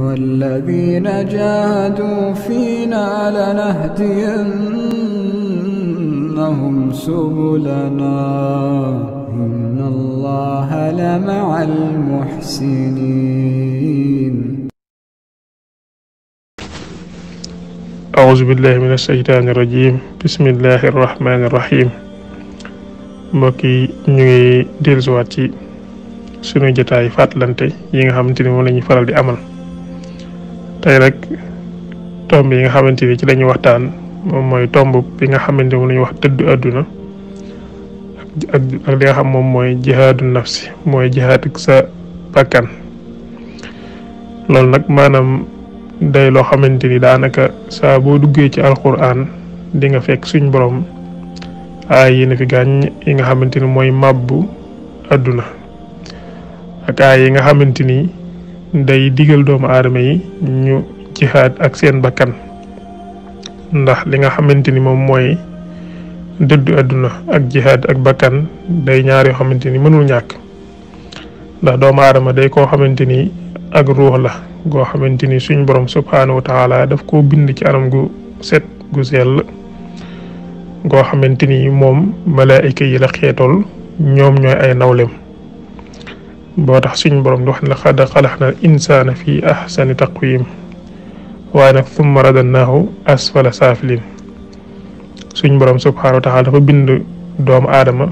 والذين جاهدوا فينا لنهدينهم سبلنا إن الله لمع المحسنين أعوذ بالله من الشيطان الرجيم بسم الله الرحمن الرحيم مكي ñu ngi dellusiwaat ci sunu jotaay fàttalante yi nga xamante ni moom la ñuy faral di amal tay rek tomb yi nga xamante ni ci lañuy waxtaan moom mooy tomb bi nga xamante moom ñuy wax dëddu àdduna ak li nga xam moom mooy jihaadu nafsi mooy jihaad ak sa bakkan loolu nag maanaam day loo xamante ni daanaka saa boo duggee ci alquran di nga fekk suñ borom aay yi na fi gàññ yi nga xamante ni mooy màbbu àdduna ak aay yi nga xamante ni day digal doomu aadama yi ñu jihaad ak seen bakkan ndax li nga xamante ni moom mooy dëddu àdduna ak jihaad ak bakkan day ñaar yoo xamante ni mënul ñàkk ndax doomu aadama day koo xamante ni ak ruux la goo xamante ni borom subhanahu wa taala daf koo bind ci anam gu set gu sell goo xamante ni moom malaayika yi la xeetool ñoom ñooy ay nawlem boo tax suñ borom di wax ne laqad xalaqnal insaana fi ahsani taqwim waaye nag thumma radadnaahu asfala saafilin suñ borom subhaanahu wa taala dafa bind doomu aadama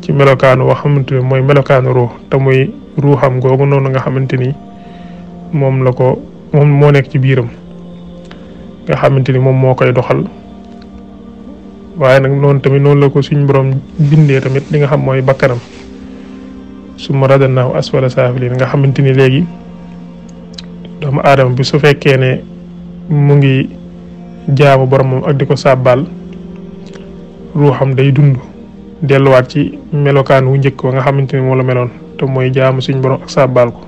ci melokaanu woo xamante ne mooy melokaanu ruux te muy ruuxam googu noonu nga xamante ni moom la ko moom moo nekk ci biiram nga xamante ni moom moo koy doxal waaye nag noonu tamit noonu la ko suñ borom bindee tamit li nga xam mooy bakkanam summa radannaahu aswala saafiliin nga xamanteni legi léegi doomu adam bi su fekkee ne mu ngi jaamu boromam ak di ko sàbbaal ruuxam day dund delluwaat ci melokaan wu njëkk wa nga xamante ni moo la meloon te mooy jaamu suñ borom ak ko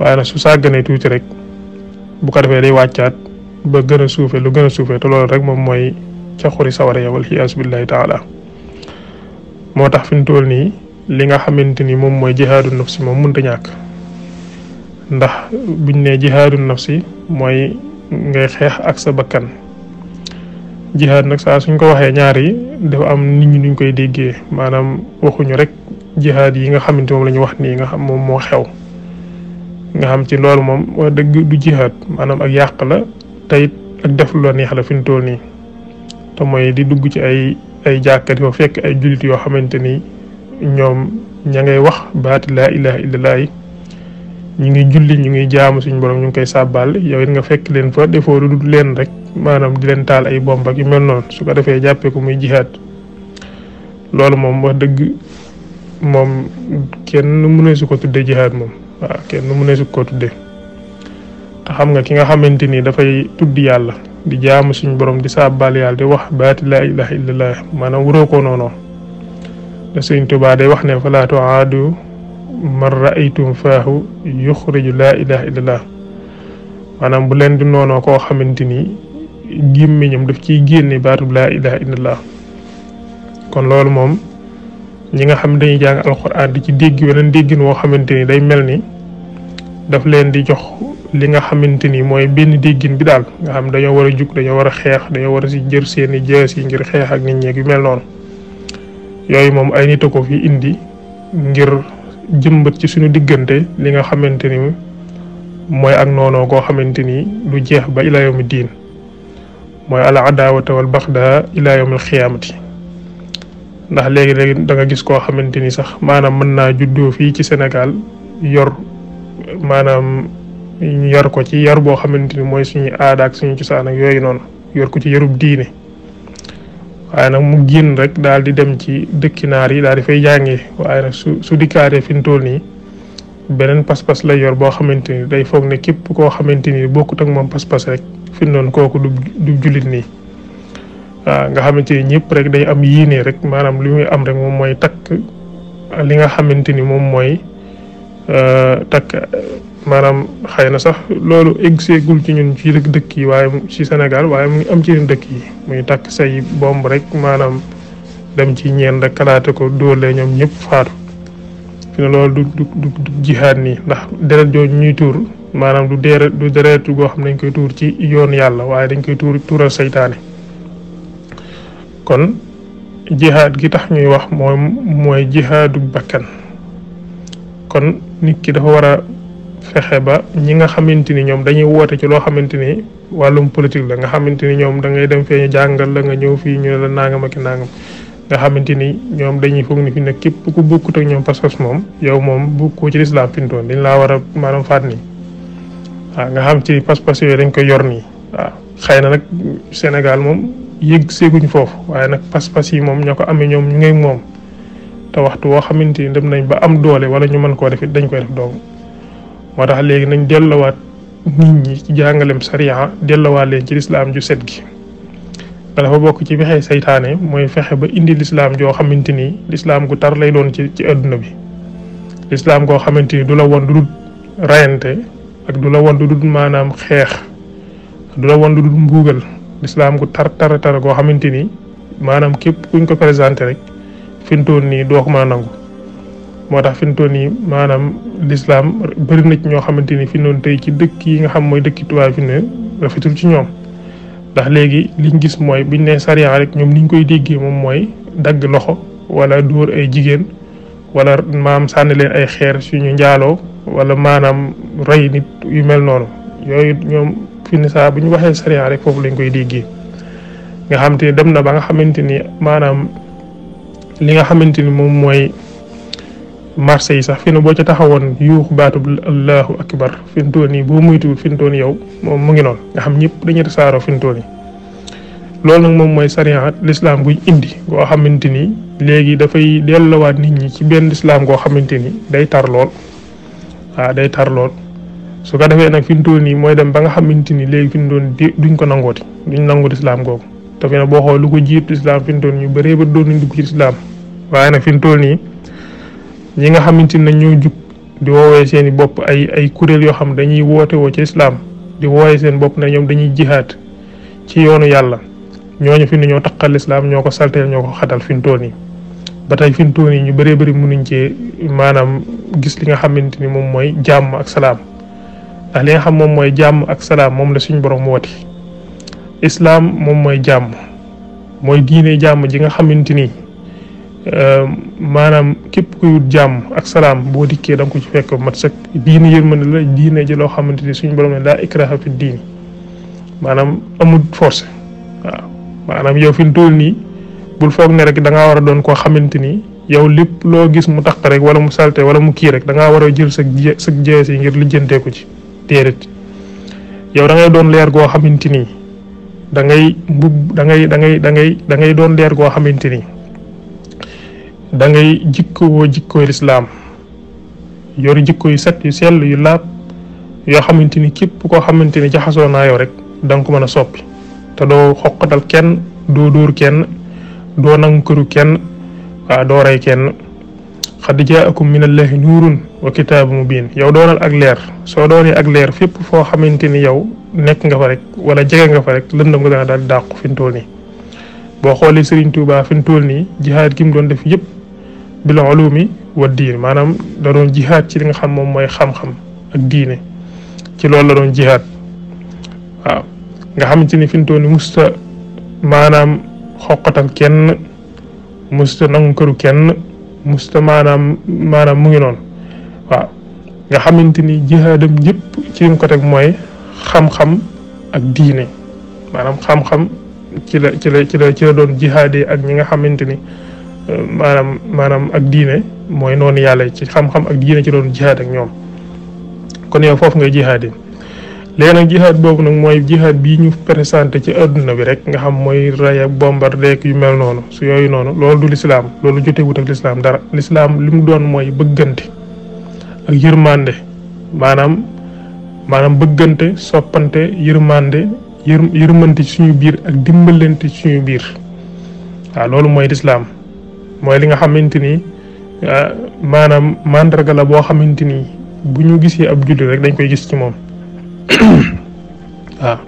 waaye nag su sàgganee tuuti rek bu ko defee day wàccaat ba gën a lu gën a te rek moom mooy ca xuri sawara yowal ya, xiyaas billahi taala moo tax fi ñu li nga xamante ni moom mooy jihaadu nafsi moom mënta ñàkk ndax buñ ne jihaadu si mooy ngay xeex ak sa bakkan jihaad nag saa suñ ko waxee ñaar yi dafa am nit ñu nuñ koy déggee maanaam waxuñu rek jihaad yi nga xamante moom la wax nii nga xam moom moo xew nga xam ci loolu moom wax dëgg du jihaad maanaam ak yàq la tayit ak def lu neex la fi ñu toll nii te mooy di dugg ci ay ay jàkka di fa fekk ay jullit yoo xamante ni ñom ña ngay wax baat la ilaha illallah ñi ngi julli ñi ngi jaamu suñu borom ñu koy sabbal yow nga fekk leen fa defoo du leen rek manam di leen taal ay bomb ak yu mel non su ko defé jappé ko muy jihad loolu mom, wax deug mom kenn mu su ko tuddé jihad mom wa kenn mu su ko tuddé xam nga ki nga xamanteni da fay tudd yalla di jaamu suñu borom di sabbal yalla di wax baat la ilaha illallah manam wuro ko nono te sëriñ tuba day wax ne fala tuaadu man raaytum faahu yuxriju la ilaha illallah manam bu len di nono ko xamanteni ni daf ciy génne baatu la ilaha illallah kon loolu moom ñi nga xam dañuy jàng alquran di ci dégg wala déggin woo xamante ni day melni. ni daf leen di jox li nga xamante ni mooy benn déggin bi daal nga xam dañoo war a jug dañoo war a xeex dañoo war a si jër seeni jëës yi ngir xeex ak nit ñeeg yu mel noonu yooyu moom ay nit a fi indi ngir jëmbat ci suñu diggante li nga xamante ni mooy ak noonoo koo xamante ni jeex ba ila yawmi diin mooy ala adaawata wal baxdaa ila yawmil xiyaamati ndax léegi-léegi da nga gis koo xamante ni sax maanaam mën naa juddoo fii ci Sénégal yor maanaam yar ko ci yar boo xamante ni mooy suñu aada ak suñu cosaan ak yooyu noonu yor ko ci yarub diine waaye nag mu génn rek daal di dem ci dëkki naar yi daal di fay jàngee waaye nag su su dikkaatee fi mu toll nii beneen pas-pas lay yor boo xamante ni day foog ne képp koo xamante ni bokkut ak moom pas-pas rek fi mu doon kooku du du jullit nii. waaw nga xamante ni ñëpp rek day am yéene rek maanaam lu muy am rek moom mooy takk li nga xamante ni moom mooy euh, takk. maanaam xëy na sax loolu egseegul ci ñun ci dëkk yi waaye ci Sénégal waaye mu ngi am ci dëkk yi muy takk say bomb rekk maanaam dem ci ñeen rek kalaate ko dóole ñoom ñëpp faatu fi ne loolu du du du jihaad nii ndax deret jooju ñuy tuur maanaam du deret du deretu goo xam ne dañ koy tuur ci yoon yàlla waaye dañ koy tuur tuural saytaane kon jihaad gi tax ñuy wax mooy mooy jihaadu bakkan kon nit ki dafa war fexe ba ñi nga xamante ni ñoom dañuy woote ci loo xamante ni wàllum politique la nga xamante ni ñoom da ngay dem fee ñu jàngal la nga ñëw fii ñu ne la nangam ak nangam nga xamante ni ñoom dañuy foog ni fi ne képp ku bokkut ñoom parce que moom yow moom bokkoo ci lislaam pintoon dañ laa war a maanaam faat nii nga xam ci pas-pas yooyu dañ koy yor nii waaw xëy na nag Sénégal moom yëg séeguñ foofu waaye nag pas-pas yi moom ñoo ko amee ñoom ñu ngay moom te waxtu woo xamante ni dem nañ ba am doole wala ñu mën koo defit it dañ koy def doomu moo tax léegi nañ delloowaat nit ñi ci jàngaleem sariya delloowaat leen ci lislaam ju set gi te dafa bokk ci fexe seytaane mooy fexe ba indi lislaam joo xamante ni lislaam gu tar lay doon ci ci adduna bi lislaam goo xamante ni du la du dul rayante ak du la won du maanaam xeex du won du dul mbuugal lislaam gu tar tar tar goo xamante ni maanaam képp kuñ ko présenté rek fintoon nii doo ko mën nangu moo tax fi mu toll nii maanaam lislaam bëri na ci ñoo xamante ni fi noonu tey ci dëkk yi nga xam mooy dëkki tubaab fi ne rafetul ci ñoom ndax léegi liñ gis mooy buñ ne sariya rek ñoom niñ koy déggee moom mooy dagg loxo wala dóor ay jigéen wala maam sànni leen ay xeer suñu njaaloo wala maanaam rey nit yu mel noonu yooyu ñoom fi ne saa bu ñu waxee sariya rek foofu lañ koy déggee nga xam te dem na ba nga xamante ni maanaam li nga xamante ni moom mooy marché yi sax fi nu boo ca taxawoon yuuxu baatub allahu akbar fi mu boo muytu fi mu toll yow moom mu ngi noon nga xam ñëpp dañuy tasaaroo fi mu toll loolu nag moom mooy sariya lislaam buy indi goo xamante ni léegi dafay delluwaat nit ñi ci benn lislaam goo xamante ni day tar lool day tar su ko defee nag fi mu toll nii mooy dem ba nga xamante ni léegi fi mu doon duñ ko nangooti duñ nangu lislaam googu te fi ne boo xool lu ko jiitu lislaam fi ñu bëree ba doon nañ dugg ci lislaam waaye nag fi ñi nga xamante ne ñoo jug di woowee seeni bopp ay ay kuréel yoo xam dañuy woote woo ci islaam di woowee seen bopp ne ñoom dañuy jihaat ci yoonu yàlla ñooñu fi ne ñoo taqal islaam ñoo ko salteel ñoo ko xatal fi mu toll nii ba tey fi mu toll nii ñu bëree bëri mënuñ cee maanaam gis li nga xamante ni moom mooy jàmm ak salaam ndax xam moom mooy jàmm ak salaam moom la suñu borom woote islaam moom mooy jàmm mooy diine jàmm ji nga xamante ni. Euh, manam képp kuy wut jàmm ak salaam boo dikkee da nga ko ci fekk mat sëkk diine yërmande la diine ji loo xamante ni suñu borom ne laa ikraha fi diini maanaam amul force waaw maanaam yow fi mu toll nii bul foog ne rek da ngaa war a doon koo xamante ni yow lépp loo gis mu taq rek wala mu salte wala mu kii rek da ngaa war a jël sa sa jees yi ngir lijjantee ko ci déedéet yow da ngay doon leer goo xamante ni da ngay da ngay da ngay da ngay da ngay doon leer goo xamante da ngay jikkowoo jikkooy lislaam yor jikko yu set yu sell yu laab yoo xamante ni képp koo xamante ni jaxasoo naa yow rek dang nga ko mën a soppi te doo xoqatal kenn doo dóor kenn doo nangu këru kenn waaw doo rey kenn xad jaakum min allahi nuurun wa kitaabu mubin yow doonal ak leer soo doonee ak leer fépp foo xamante ni yow nekk nga fa rek wala jege nga fa rek lëndam nga dana daal di dàqu fi mu toll nii boo xoolee Serigne Touba fi mu toll nii jihaad gi mu doon def yëpp. bil ulumi wa diin maanaam da doon jihaad ci li nga xam moom mooy xam-xam ak diine ci loolu la doon jihaad waaw nga xamante ni fi mu toll nii musta maanaam xoqatal kenn musta nangu këru kenn musta maanaam maanaam mu ngi noonu waaw nga xamante ni jihaadam yëpp ci li mu ko mooy xam-xam ak diine maanaam xam-xam ci la ci la ci la ci doon jihaadee ak ñi nga xamante ni. maanaam maanaam ak diine mooy noonu yàlla ci xam-xam ak diine ci doonu jihaad ak ñoom kon yow foofu ngay jihaad yi léegi nag jihaad boobu nag mooy jihaad bii ñu présenté ci adduna bi rek nga xam mooy raya bombardé yu mel noonu su yooyu noonu loolu du lislaam loolu jotewut ak lislaam dara lislaam li mu doon mooy bëggante ak yërmande maanaam maanaam bëggante soppante yërmande yër yërmante ci suñu biir ak dimbalante suñu biir waaw loolu mooy lislaam moy li nga xamanteni manam maanaam mandarga la bo xamanteni buñu gisee ab julli rek dañ koy gis ci mom ah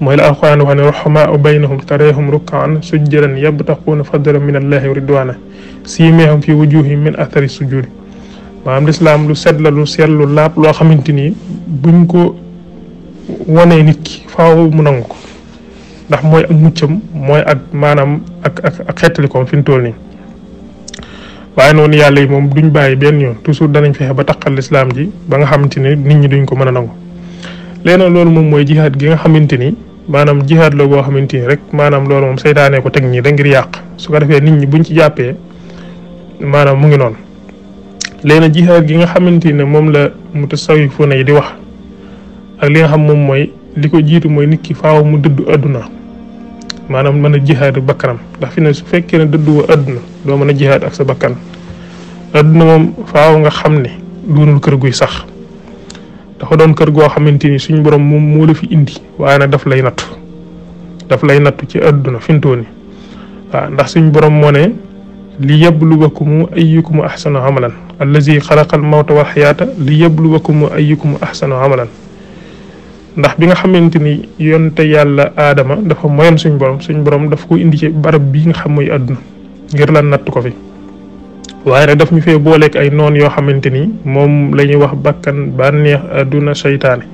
moy la alquran wa ne ruxamaau baynahum tarayhum rukkaan sujjadan yabtaquuna fadlan min allahi wa ridwana simihum fi wujuhihim min athari sujudi maanaam l'islam lu sedd la lu sel lu lap lo xamanteni buñ ko woné nit ki faaw mu nangu ko ndax mooy ak muccam mooy ak maanaam ak ak ak xettalikoom fi mu toll nii waaye noonu yàlla yi moom duñ bàyyi benn yoon toujours danañ feexe ba taqal lislaam ji ba nga xamante ni nit ñi duñ ko mën a nangu. léegi loolu moom mooy jihaad gi nga xamante ni maanaam jihaad la boo xamante ni rek maanaam loolu moom ko teg ñi da ngir yàq su ko defee nit ñi buñ ci jàppee maanaam mu ngi noonu. léegi nag gi nga xamante ne moom la mutasawwifuuna yi di wax ak li nga xam moom mooy li ko jiitu mooy nit ki faaw mu dëddu àdduna manam man jihad ak bakaram ndax fi ne su fekkee ne dëdduwoo aduna doo mën a jihaad ak sa bakkan aduna moom faaw nga xam ne doonul kër guy sax dafa doon kër goo xamante ni suñ borom moom moo la fi indi waaye nag daf lay nattu daf lay nattu ci aduna fintoo ni waaw ndax suñu borom moo ne li yabluwakum ayyukum ahsanu amalan allazi xalaqa al mawta wal xayaata li yabluwakum ayyukum ahsanu amalan ndax bi nga xamante ni yonte yàlla aadama dafa moyoon suñ borom suñ borom daf ko indi ci barab bii nga xam mooy àdduna ngir lan natt ko fi waaye ne daf ñu fee booleeg ay noon yoo xamante ni moom la ñuy wax bakkan bànneex àdduna seytaane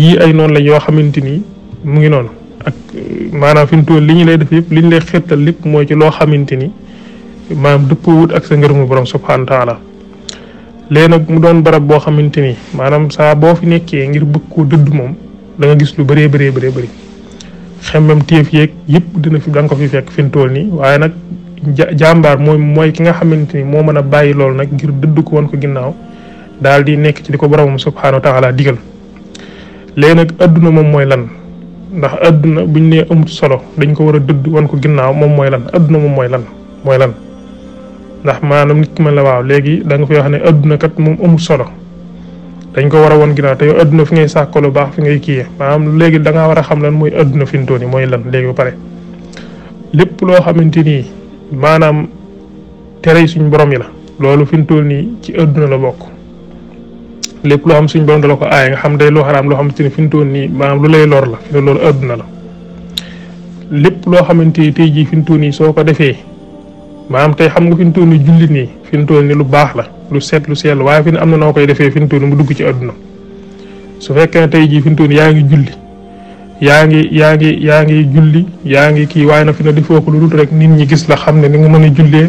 yii ay noonu la yoo xamante ni mu ngi noonu ak maanaam fi mu toll li ñu lay def yëpp li ñu lay xeetal lépp mooy ci loo xamante ni maanaam dëppoo wut ak sa ngërëmu borom subhaanahu wa taala léegi nag mu doon barab bo xamanteni manam sa bo fi nekké ngir bëgg ko dudd mom da nga gis lu bëré bëré bëré bëré xemmam tief yek yëpp dina fi dang ko fi fekk fin mu toll nii waaye nag moy mooy ki nga xamanteni mo meuna bayyi a nak ngir dudd ko won ko ginnaw dal di nekk ci diko borom subhanahu wa taala digal léegi nag aduna mom moy lan ndax aduna buñ né amut solo dañ ko wara dudd won ko ginnaw mom moy lan aduna mom moy lan moy lan ndax maanaam nit ki mën la waaw léegi da nga fay wax ne adduna kat moom amul solo dañ ko war a woon ginnaaw te yow adduna fi ngay sàkk lu baax fi ngay kiiyee maanaam léegi da war a xam lan mooy adduna fi mu toll nii mooy lan léegi ba pare. loo xamante ni maanaam tere suñ borom yi la loolu fi mu toll nii ci adduna la bokk lépp loo xam suñ borom da la ko aaye nga xam day loo xaraam loo xamante ni fi mu toll nii maanaam lu lay lor la loolu adduna la lépp loo xamante ni tey jii fi mu nii soo ko defee. maam tey xam nga fi mu julli ni jullit nii fi lu baax la lu set lu sel waaye fi ne am na noo koy defee fi mu toll mu dugg ci aduna su fekkee tey jii fi mu julli yaa ngi yaa julli yaa ngi kii na fi ne lu dul rek nit ñi gis la xam ni nga mën a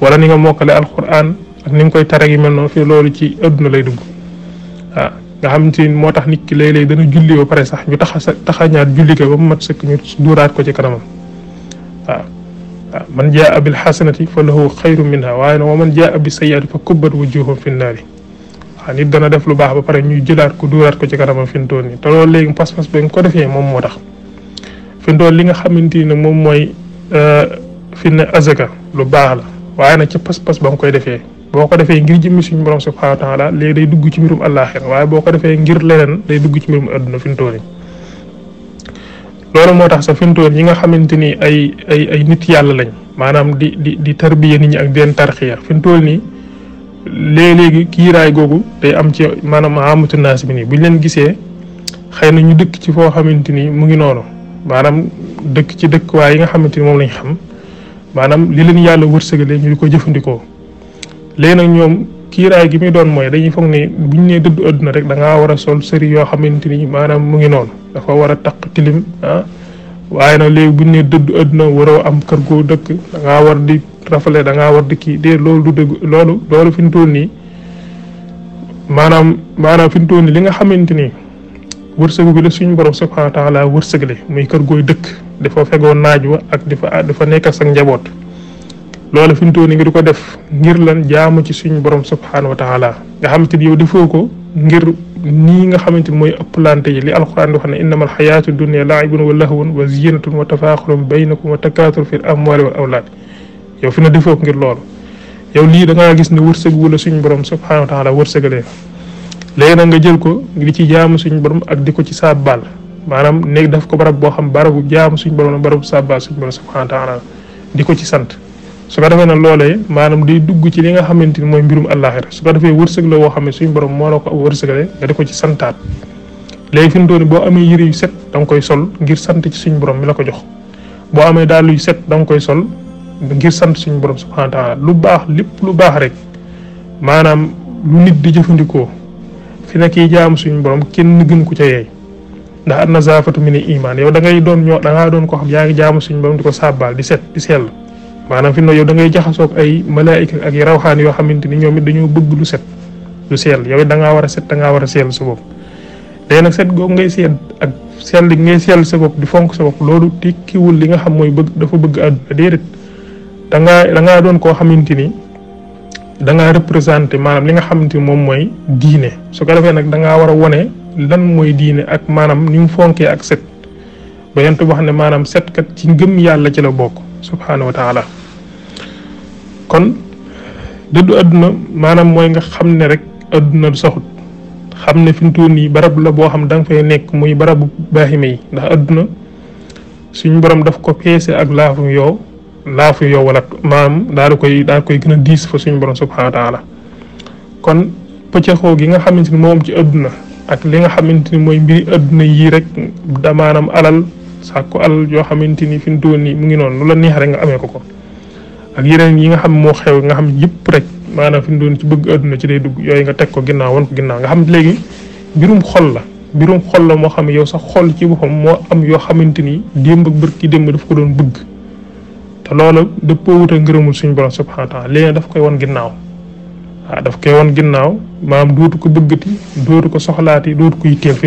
wala ni nga mokkale alquran ak ni nga koy tare yi mel noonu fi loolu ci aduna lay dugg waaw nga xam ci moo tax nit ki lay lay dana julli ba pare sax ñu taxa taxa ñaar julli ko ba mat sëkk ñu duuraat ko ci kanamam waaw من جاء بالحسنة فله خير منها وانا نعم، ومن جاء بالسيئة فكبر وجوههم في النار يعني دنا دف لو باخ با بار ني جيلات كو دورات كو سي كانام فين توني تا لول لي باس باس بين كو في موم مو تخ فين دول ليغا خامنتي نك موم موي ا فين ازكا لو باخ لا وانا سي باس باس بام كو دفي boko في ngir jëmmi suñu borom subhanahu wa ta'ala lé day dugg ci mirum allah xir waye boko defé ngir lénen day dugg ci mirum aduna loolu moo tax sa fintóor yi nga xamante ni ay ay ay nit yàlla lañ maanaam di di di tarbiya nit ñi ak di leen tarxiya fintóor nii léeg-léegi kiiraay googu day am ci maanaam amatu naas bi nii bu ñu leen gisee xëy na ñu dëkk ci foo xamante ni mu ngi noonu maanaam dëkk ci dëkkuwaay yi nga xamante ni moom lañ xam maanaam li leen yàlla wërsëgalee ñu di ko jëfandikoo léegi nag ñoom kiiraay gi muy doon mooy dañuy foog ne buñ nee dëddu àdduna rek da ngaa war a sol sëri yoo xamante ni maanaam mu ngi noonu dafa war a taq tilim ah waaye nag léegi buñ nee dëddu àdduna waroo am kër goo dëkk da ngaa war di rafale da ngaa war kii dee loolu du loolu fi mu toll nii maanaam maanaam fi mu toll nii li nga xamante ni wërsëgu bi la suñu borom subhanahu wa taala wërsëgle muy kër gooy dëkk dafa fegoon naaj wa ak dafa dafa nekk ak sa njaboot. loola fi mu toll nii ngir ko def ngir lan jaamu ci suñ borom subhaanahu wa alaa nga xamante ni yow defoo ko ngir nii nga xamante ni mooy ëpplante yi li alquran di wax ne innama alxayaatu dunia laibun wa lahwun wa zinatun wa tafaaxurun baynakum wa takaatur fi l amwali wal awlaad yow fi na defoo ko ngir loolu yow lii da ngaa gis ne wërsëg wala suñu borom subhaanahu wa taala wërsëgalee léegi nag nga jël ko di ci jaamu suñu borom ak di ko ci saabal maanaam nekk daf ko barab boo xam barabu jaamu suñu borom barabu saabal suñu borom subhaanahu wa taala di ko ci sant su ko defee nag loolee maanaam day dugg ci li nga xamante ni mooy mbirum àllaaxira su ko defee wërsëg la woo xam ne suñu borom moo la ko wërsëgale nga di ko ci santaat léegi fi mu toll boo amee yëre yu set da nga koy sol ngir sant ci suñu borom mi la ko jox boo amee dàll yu set da nga koy sol ngir sant suñu borom subhanahu wa taala lu baax lépp lu baax rek maanaam lu nit di jëfandikoo fi nekk yi jaam suñu borom kenn gën ko ca yey ndax an nazaafatu min iman yow da ngay doon ñoo da ngaa doon ko xam yaa ngi jaamu suñu borom di ko sàbbaal di set di sell maanaam fi mu ne yow da ngay jaxasoog ay malaayika ak yi rawxaan yoo xamante ni ñoom it dañoo bëgg lu set lu seel yow it da ngaa war a set da ngaa war a seel sa bopp léegi nag set googu ngay seet ak sell gi ngay seel sa bopp di fonk sa loolu tekkiwul li nga xam mooy bëgg dafa bëgg àdduna déedéet da ngaa da ngaa doon koo xamante ni da ngaa représenté maanaam li nga xamante ni moom mooy diine su ko defee nag da ngaa war a wone lan mooy diine ak maanaam ni mu fonkee ak set ba yent wax ne maanaam set kat ci ngëm yàlla ci la bokk. subhanahu wa taala kon dëddu aduna manam moy nga xamne rek aduna du saxut xamne ne fi mu barab la bo xam dang fay nek muy barab baaxime yi ndax aduna suñu borom daf ko pesse ak lafu yo lafu yo wala manam daal koy daal koy gëna dis fa suñu borom subhanahu wa taala kon pecce xoo gi nga xamanteni ni moom ci aduna ak li nga xamanteni moy mbiri aduna yi rek da manam alal sakku al yo xamanteni fi mu mu ngi non lula neex rek nga amé ko ko ak yeneen yi nga xam mo xew nga xam yépp rek manam fi mu ci bëgg aduna ci day dugg yoy nga tek ko ginnaw won ko ginnaw nga xam léegi birum xol la birum xol la mo xam yow sax xol ci boppam mo am yo xamanteni demb démb ak bërki demb daf ko doon bëgg te loola de po a ngeerumul suñu borom subhanahu wa taala leen daf koy won ginnaw daf koy won ginnaw manam dootu ko bëggati dootu ko soxlaati dootu ko yitté fi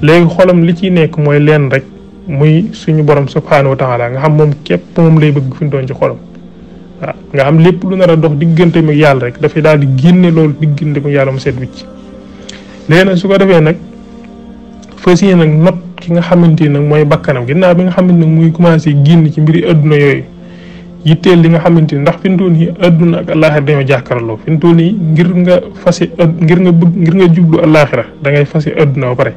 léegi xolam li ciy nekk mooy leen rek muy suñu borom subhaanahu wa taala nga xam moom képp moom lay bëgg fi mu ci xolam waaw nga xam lépp lu nar a dox diggante mu yàlla rek dafay daal di génne loolu diggante mu yàlla mu set wicc léegi nag su ko defee nag fas yéene nag not ki nga xamante nag mooy bakkanam ginnaaw bi nga xamante nag muy commencé génn ci mbiri adduna yooyu yitteel li nga xamante ni ndax fi yi toll nii adduna ak alaaxira dañoo jàkkaarloo fi mu toll nii ngir nga fase ngir nga bëgg ngir nga jublu alaaxira da ngay fase adduna ba pare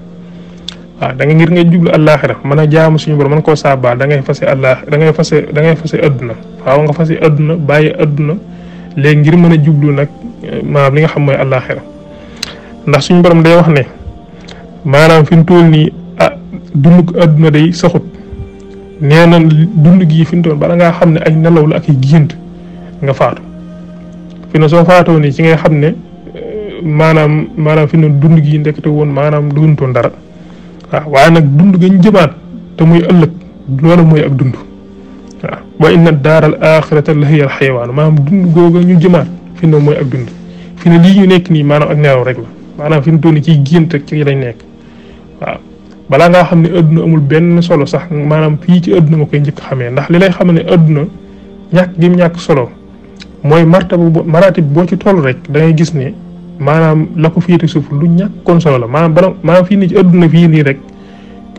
waaw ah, da nga ngir ngay jublu àllaaxira mën a jaamu suñu borom man ko saabaa da ngay fassé allah da ngay fassé da ngay fassé aduna faaw nga fassé aduna baye aduna léegi ngir mën a nak nag li nga xam mooy àllaaxira ndax suñu borom day wax ne manam fi tool ni ah, dunduk aduna day saxut nee dundu gi gii tool ba nga ay nelaw la ak nga faatu fi no so faato ni ci nga xam ne eh, manam maanaam fi mu ndekete waaw waaye nag dund gañ jëmaat te muy ëllëg loola mooy ak dund waaw wa na daaral axirata la hiya al xayawaan maanaam dund googa ñu jëmaat fi ne mooy ak dund fi ne lii ñu nekk nii maanaam ak nelaw rek la maanaam fi mu toll ciy gént rek ci lañ nekk waaw balaa ngaa xam ne adduna amul benn solo sax maanaam fii ci adduna nga koy njëkk xamee ndax li lay xam ne adduna ñàkk gi mu ñàkk solo mooy martaba boo maratib boo ci toll rek dangay gis ne maanaam la ko féete suuf lu ñàkkoon solo la maanaam bara maanaam fii nii ci adduna fii nii rek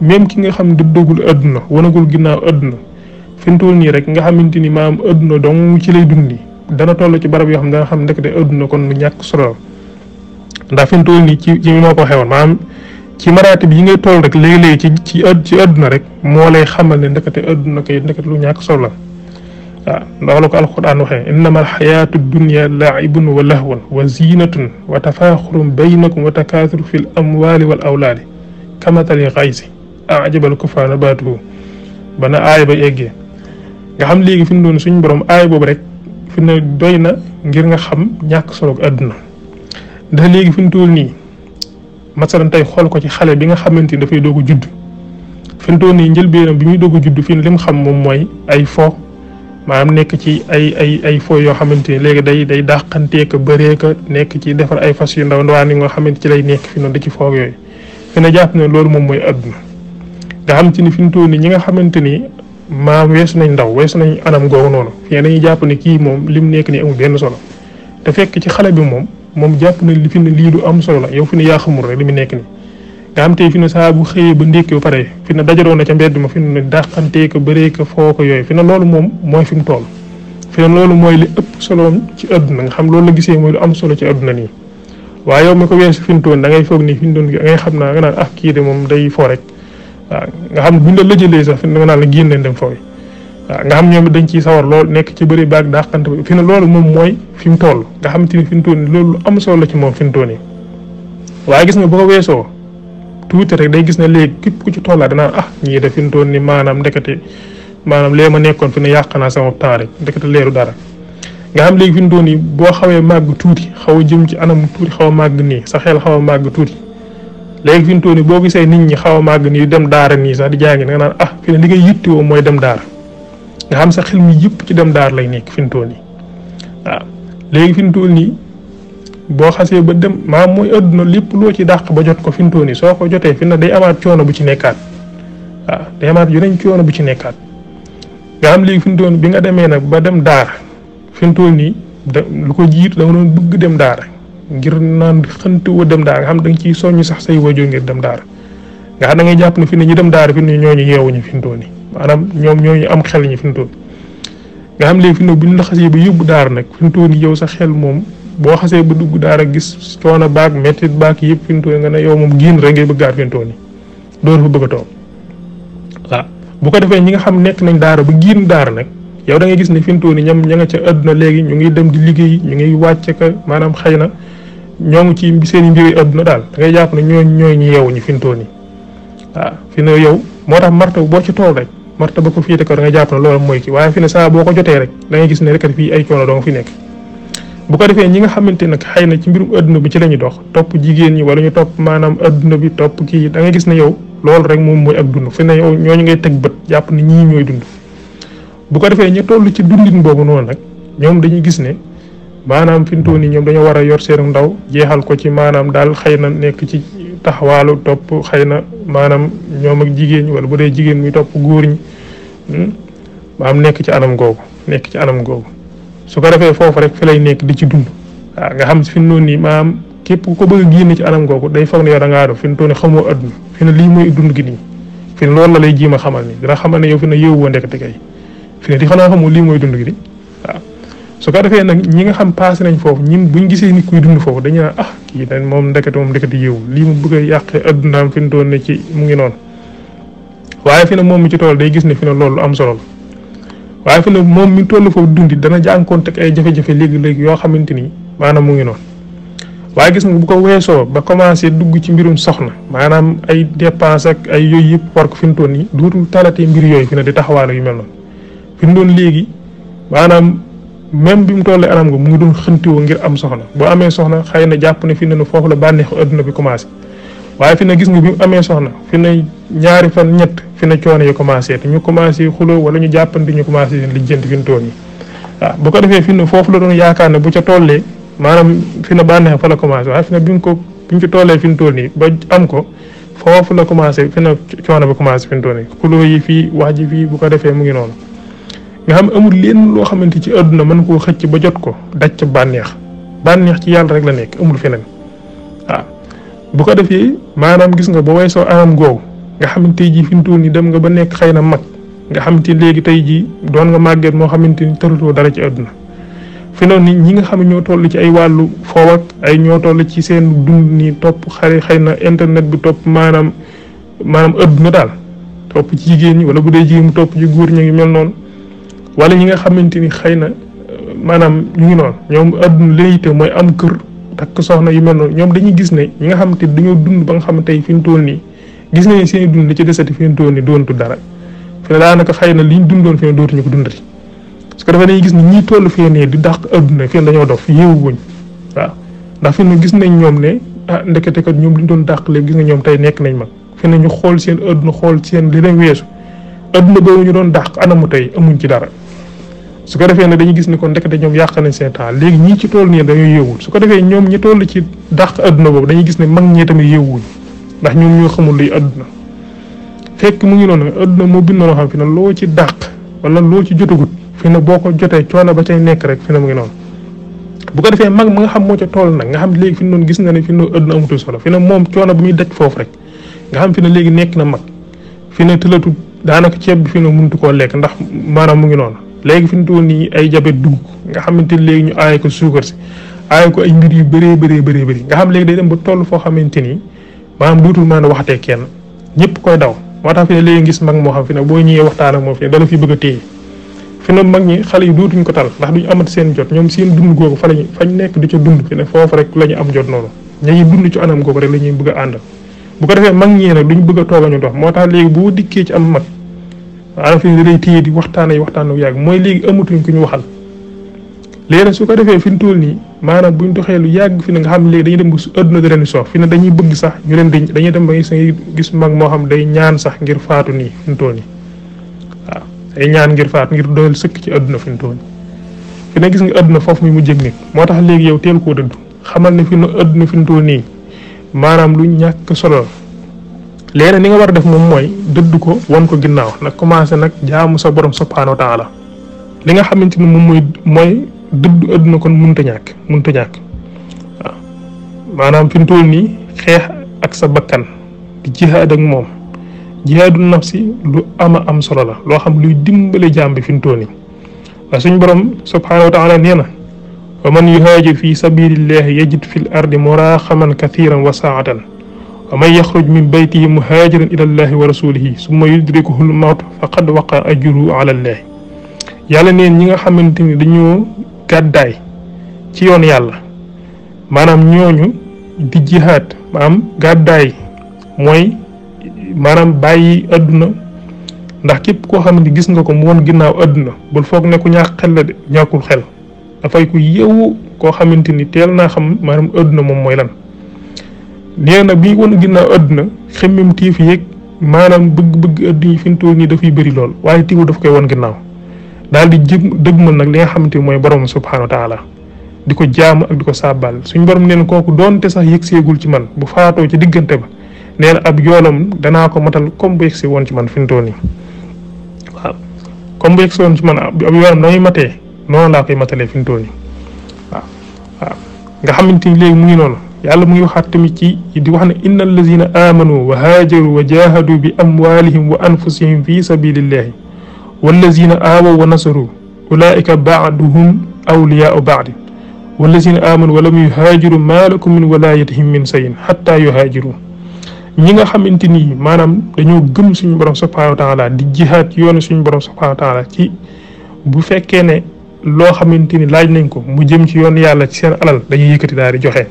même ki nga xam dëddagul adduna wanagul ginnaaw adduna fi mu toll nii rek nga xamante ni maanaam adduna dong ci lay dundi dana toll ci barab yoo xam dana xam ndekete adduna kon lu ñàkk solo la ndax fi mu toll nii ci ci moo ko xewoon maanaam ci maraate bi yi ngay toll rek léeg-léeg ci ci ci adduna rek moo lay xamal ne ndekete ëdduna kay ndekete lu ñàkk solo la ndax la ko alquran waxee innama alxayaatu dunia laibun wa lahwun wa zinatun wa tafaaxurun baynakum wa takaasuru fi l amwaali wal awlaadi kamatali xaysi ajabal kufaara nabaatuhu bana aay ba eggee nga xam léegi fi mu doon suñ borom aay boobu rek fi ne doy na ngir nga xam ñàkk solo àdduna ndax léegi fi mu toll nii masalan tey xool ko ci xale bi nga xamante ni dafay doog a judd fi mu toll nii njëlbeenam bi muy doog a judd fi lim xam moom mooy ay fo maanaam nekk ci ay ay ay fo yoo xamante ni léegi day day dàqanteeka bëreeka nekk ci defar ay fas yu ndaw ndawaan yi nga xamante ci lay nekk fi noonu di ci foog yooyu fi na jàpp moom mooy àdduna nga xam ci ni fi mu toll nii ñi nga xamante ni maam weesu nañ ndaw weesu nañ anam googu noonu fi dañuy jàpp ne kii moom lim nekk nii amul benn solo te fekk ci xale bi moom moom jàpp na li fi ne lii du am solo la yow fi ne yaa xamul rek li mu nekk nii nga xam tey fi na saa bu xëyee ba ndékki ba pare fi ko bëree ko foo ko yooyu fi loolu moom mooy fi mu toll fi mooy li ëpp ci àdduna nga xam loolu la gisee mooy lu am solo ci àdduna nii waaye yow mi ko fi mu toon da ngay foog ni fi mu doon xam naa nga naan ah kii de moom day foo rek waaw nga xam buñ la lëjëlee sax fi na nga naan la génn leen dem fooy waaw nga xam ñoom dañ ciy sawar lool nekk ci bëri baa dàqante ba fi na loolu moom mooy fi mu toll nga xam te ni fi loolu lu am solo la ci moom fi mu toon waaye gis nga boo weesoo tuuti rek day gis ne léegi képp ku ci tollaa danaa ah ñii def fi mu toll nii maanaam ndekete maanaam lee ma nekkoon fi ne yàq na sa temps rek ndekete leeru dara. nga xam léegi fi mu toll boo xawee màgg tuuti xaw a ci anam tuuti xaw a màgg nii sa xel xaw a màgg tuuti léegi fi mu boo gisee nit ñi xaw a màgg nii dem daara nii sax di jàngi nga naan ah fi ne mooy dem daara nga xam sa xel mi yëpp ci dem daar lay nekk fi mu toll léegi fi nii boo xasee ba dem maam mooy adduna lépp loo ci dàq ba jot ko fi mu toll nii soo ko jotee fi na day amaat coono bu ci nekkaat waaw day amaat yeneen coono bu ci nekkaat nga am léegi mu toll bi nga demee nag ba dem daara fi mu nii da lu ko jiitu da nga dem daara ngir naan xënt woo dem daara nga xam da nga ciy soññ sax say waajur ngir dem daara nga xam da jàpp ne fi ne ñu dem daara fi ne ñooñu yeewuñu fi mu toll nii maanaam ñoom ñooñu am xel ñi fi mu toll nga xam léegi fi ne bu ñu la xasee ba yóbbu daara nag fi mu toll nii yow xel moom boo xasee ba dugg daara gis coono baag mettit baag yëpp fi mu nga ne yow moom génn rek ngay bëggaat fi mu toll nii doon fa bëgg a toog waaw bu ko defee ñi nga xam nekk nañ daara ba génn daara nag yow da ngay gis ni fi mu toll nii ñoom ña nga ca àdduna léegi ñu ngi dem di liggéey ñu ngi wàcce ka maanaam xëy na ñoo ngi ci seen i mbiri àdduna daal da ngay jàpp ne ñoo ñooy ñu yeewu ñu fi mu toll nii waaw fi ne yow moo tax marta boo ci tool rek marta ba ko féete ko da ngay jàpp ne loolu mooy ki waaye fi ne saa boo ko jotee rek da ngay gis ne rek fii ay coono doo fi nekk bu ko defee ñi nga xamante nag xëy na ci mbirum adduna bi ci la ñuy dox topp jigéen ñi wala ñu topp maanaam adduna bi topp kii da nga gis ne yow loolu rek moom mooy ak dund fi ne yow ñooñu ngay teg bët jàpp ne ñii ñooy dund bu ko defee ñu toll ci dundin boobu noonu nag ñoom dañu gis ne maanaam fi mu toll nii ñoom dañoo war a yor seen ndaw jeexal ko ci maanaam daal xëy na nekk ci taxawaalu topp xëy na maanaam ñoom ak jigéen ñi wala bu dee jigéen muy topp góor ñi hmm, am nekk ci anam googu nekk ci anam googu. su ko defee foofu rek fi lay nekk di ci dund waaw nga xam fi mu noonu nii maanaam képp ku ko bëgg a génn ci anam googu day foog ne yow da fi mu toll nii xamoo adduna fi ne lii mooy dund gi nii fi ne loolu la lay jiima xamal ni dina xamal ne yow fi ne yeewoo ndekete di xanaa xamoo lii mooy dund gi di su ko defee nag ñi nga xam passé nañ foofu ñun buñ gisee nit kuy dund foofu dañu ah, moom ndekete moom ndekete yeewu lii mu bëgg a yàqee fi mu toll ne ci mu ngi noonu waaye fi ne moom mi ci tool day gis ne fi ne loolu am solo waaye fi ne moom mi toll foofu dundi dana jànkoonte ak ay jafe-jafe léegi léeg yoo xamante ni maanaam mu ngi noonu waaye gis nga bu ko weesoo ba commencé dugg ci mbirum soxna maanaam ay dépense ak ay yooyu yëpp war ko fi mu toll nii dootul talatee mbir yooyu fi ne di taxawaale yu mel noonu fi mu doon léegi maanaam même bi mu tollee anam nga mu ngi doon xëntiwoo ngir am soxna boo amee soxna xëy na jàpp ne fi ne foofu la bànneexu adduna bi commencé waaye fi ne gis nga bi amee soxna fi ñaari fan ñett fi na coono yi commencé te ñu commencé xuloo wala ñu jàppandi ñu commencé seen lijjanti fi mu toll nii waaw bu ko defee fi mu foofu la doon yaakaar ne bu ca tollee maanaam fi na bànneex fa la commencé waaye fi na bi mu ko bi mu ci tollee fi mu toll nii ba am ko foofu la commencé fi na coono ba commencé fi mu toll nii xuloo yi fii wax ji fii bu ko defee mu ngi noonu nga xam amul lenn loo xamante ci àdduna mën koo xëcc ba jot ko daj ca bànneex bànneex ci yàlla rek la nekk amul feneen waaw bu ko defee maanaam gis nga ba way soo anam goow nga xamante tey jii fi mu toll nii dem nga ba nekk xëy na mag nga xamante léegi tey jii doon nga màgget moo xamante ni tëratoo dara ci àdduna fi noonu ni ñi nga xam ne ñoo toll ci ay wàllu foow ak ay ñoo toll ci seen dund nii topp xare xëy na internet bi topp maanaam maanaam àdduna daal topp ci jigéen ñi wala bu dee jigéen mu topp ci góor ñu ngi mel noonu wala ñi nga xamante ni xëy na maanaam ñu ngi ñoom àdduna li mooy am kër takk soxna yu mel noonu ñoom dañuy gis ne ñi nga xamante dañoo dund ba nga xam tey fi mu toll nii gis nañ seen li ci desati fi ñu doon ni doontu dara ne daanaka xëy na li ñu dundoon fi ne dootuñu ko dundati parce que dafa dañuy gis ni ñiy toll fii nii di dàq adduna fii dañoo dof yéewu wuñ waaw ndax fi ne gis nañ ñoom ne ah ndekete kat ñoom lu ñu doon dàq léegi gis nga ñoom tey nekk nañ mag fi ne ñu xool seen adduna xool seen li leen weesu adduna boobu ñu doon dàq anamu tey amuñ ci dara su ko defee ne dañuy gis ni kon ndekete ñoom yàq nañ seen léegi ñii ci toll nii dañoo yéewul su ko defee ñoom ñi toll ci dàq adduna boobu dañuy gis ne mag ñee tamit yéewuñ ndax ñoom ñoo xamul luy àdduna fekk mu ngi noonu àdduna moo bind loo xam fi ne loo ci dàq wala loo ci jotagut fi ne boo ko jotee coono ba cay nekk rek fi ne mu ngi noonu. bu ko defee mag mu nga xam moo ca tool nag nga xam léegi fi noonu gis na ne fi noonu àdduna solo fi ne moom coono bu muy daj foofu rek nga xam fi ne léegi nekk na mag fi ne tëlatu daanaka ceeb bi fi ne muntu koo lekk ndax maanaam mu ngi noonu léegi fi mu toll nii ay jabet dugg nga xamante léegi ñu aaye ko suukar si aaye ko ay mbir yu bëree bëree bëree bëri nga xam léegi day dem ba toll foo xamante ni maanaam duutul mën a waxatee kenn ñëpp koy daw moo tax fi ne léegi gis mag moo xam fi ne boo ñëwee waxtaan ak moom fi ne dala fi bëgg a téye fi ne mag ñi xale yi duutuñ ko tal ndax duñu amat seen jot ñoom seen dund googu fa a àndal a dalay téye di waxtaan ay waxtaan wu yàgg mooy léegi amatuñ ku ñu waxal léegi nag su ko defee fi mu toll nii maanaam buñ doxee lu yàgg fi ne nga xam léegi dañuy dem ba adduna di leen soof fi ne dañuy bëgg sax ñu leen di dañuy dem ba gis mag moo xam day ñaan sax ngir faatu nii fi mu toll nii waaw day ñaan ngir faatu ngir doyal sëkk ci adduna fi mu toll nii fi ne gis nga adduna foofu muy mu jëg nit moo tax léegi yow teel koo dëdd xamal ne fi ne adduna fi mu toll nii maanaam lu ñàkk solo léegi ni nga war a def moom mooy dëdd ko wan ko ginnaaw nag commencé nag jaamu sa borom subhanahu wa taala li nga xamante ni moom mooy mooy dëddu àdduna kon mënta ñàkk mënta ñàkk waaw maanaam fi mu toll nii xeex ak sa bakkan di jihaad ak moom jihaadu nafsi lu ama am solo la loo xam luy dimbale jaam bi fi mu toll nii ndax suñ borom subhaanahu wa taala nee na wa man yuhaajir fi sabilillahi yajid fil ardi muraaxaman kathiran wa saatan wa man yaxruj min baytihi muhaajiran ila llahi wa rasulihi summa yudrikuhu l mawt faqad waqa ajruhu ala llahi yàlla neen ñi nga xamante dañoo gàddaay ci yoon yàlla maanaam ñooñu di jihaad maanaam gàddaay mooy maanaam bàyyi adduna ndax képp koo xam ne gis nga ko mu woon ginnaaw adduna bul foog ne ku ñàkk xel la de ñàkkul xel dafay ku yeewu koo xamante ni teel naa xam maanaam adduna moom mooy lan. nee na bi woon ginnaaw adduna xemmim tiif yeeg maanaam bëgg-bëgg adduna yi fi mu toll nii dafay bëri lool waaye tiiwu daf koy won ginnaaw. daal di jëm man nag li nga xamante ni mooy borom subhaanahu wa taala di ko jaamu ak di ko saabal suñ borom neen kooku doonte sax yëg ci man bu faatoo ci diggante ba nee ab yoonam danaa ko matal comme bu yëg si woon ci man fi mu toll nii waaw comme man ab yoonam na muy matee noonu laa koy matalee fi mu toll nii nga xamante ni léegi mu ngi noonu yàlla mu ngi waxaat tamit ci di wax ne inna allazina amanu wa haajaru wa jahadu bi amwalihim wa anfusihim fi sabilillahi wallazina aawaw wa nasaru ulaika baaduhum awliyaau baadi wallazina aamanu wa lam yuhaajiru maa lakum min walaayatihim min sayin xatta yuhaajiru ñi nga xamante ni maanaam dañoo gëm suñu borom subhaanahu wa taala di jihaat yoonu suñu borom subhaanahu wa taala ci bu fekkee ne loo xamante ni laaj nañ ko mu jëm ci yoon yàlla ci seen alal dañuy yëkkati daal di joxe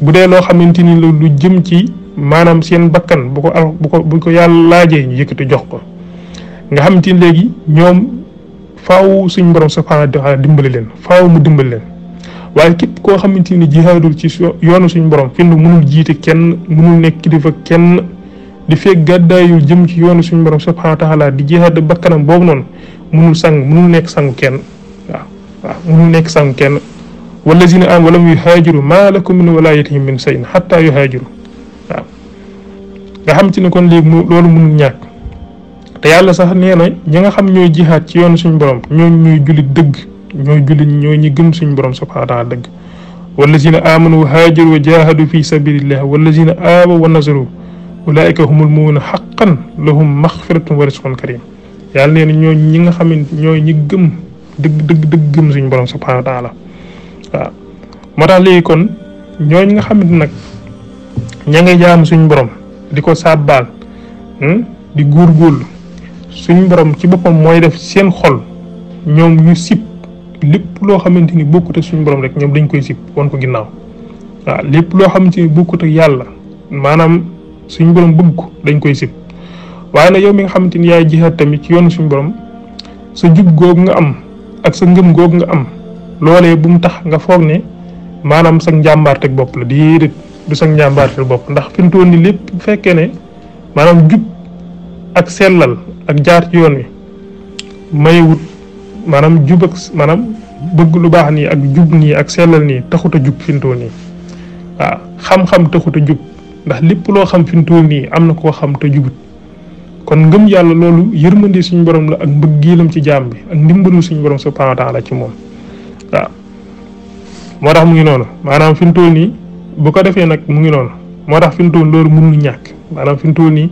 bu dee loo xamante ni lu jëm ci maanaam seen bakkan bu ko bu ko bu ko yàlla laajee ñu yëkkati jox ko. nga xam te léegi ñoom faw suñ borom subhaanahu wa dimbali leen faw mu dimbali leen waaye képp koo xamante ni jihaadul ci yoonu suñ borom fi mu jiite kenn mënul nekk kilifa kenn di fekk gàddaayul jëm ci yoonu suñ borom subhaanahu wa taala di jihaad bakkanam boobu noonu mënul sang mënul nekk sangu kenn waaw waaw mënul nekk sangu kenn wallazina am walam yuhaajiru maa lakum min walaayatihim min sayin xatta yuhaajiru waaw nga xam te ne kon léegi loolu mënul ñàkk te yàlla sax nee na ñi nga xam ñooy jihaat ci yoon suñu borom ñooñ ñooy jullit dëgg ñooy jullit ñoo ñi gëm suñu borom subhaanahu wa taala dëgg wallazina amanu haajaru wa jahadu fi sabilillah wallazina aabaw wa nasaru ulaika humul mu'minuuna haqqan lahum maghfiratun wa rizqun karim yàlla nee na ñoo ñi nga xam ne ñooy ñi gëm dëgg dëgg dëgg gëm suñu borom subhaanahu wa taala waaw moo tax léegi kon ñooñ nga xamante nag ña nga jaam suñu borom di ko sàbbaal hmm, di góorgóorlu suñ borom ci boppam mooy def seen xol ñoom ñu sip lépp loo xamante ni bokkut ak suñ borom rek ñoom dañ koy sip won ko ginnaaw waaw lépp loo xamante ni bokkut ak yàlla maanaam suñ borom bëgg ko dañ koy sip waaye nag yow mi nga xamante ni yaay jihaat tamit ci yoonu suñ borom sa jub googu nga am ak sa ngëm googu nga am loolee bu mu tax nga foog ne maanaam sa njàmbaarteg bopp la déedéet du sa njàmbaarteg bopp ndax fi mu ni lépp bu fekkee ne maanaam jub ak sellal ak jaar ci yoon wi may wut maanaam jub ak maanaam bëgg lu baax nii ak jub nii ak sellal nii taxut a jub fintool nii waaw xam-xam taxut a jub ndax lépp loo xam fintool nii am na koo xam te jubut kon ngëm yàlla loolu yërmande suñu borom la ak mbëggeelam ci jaam bi ak ndimbalu suñu borom subhanahu wa taala ci moom waaw moo tax mu ngi noonu maanaam fintool nii bu ko defee nag mu ngi noonu moo tax loolu mënul ñàkk maanaam nii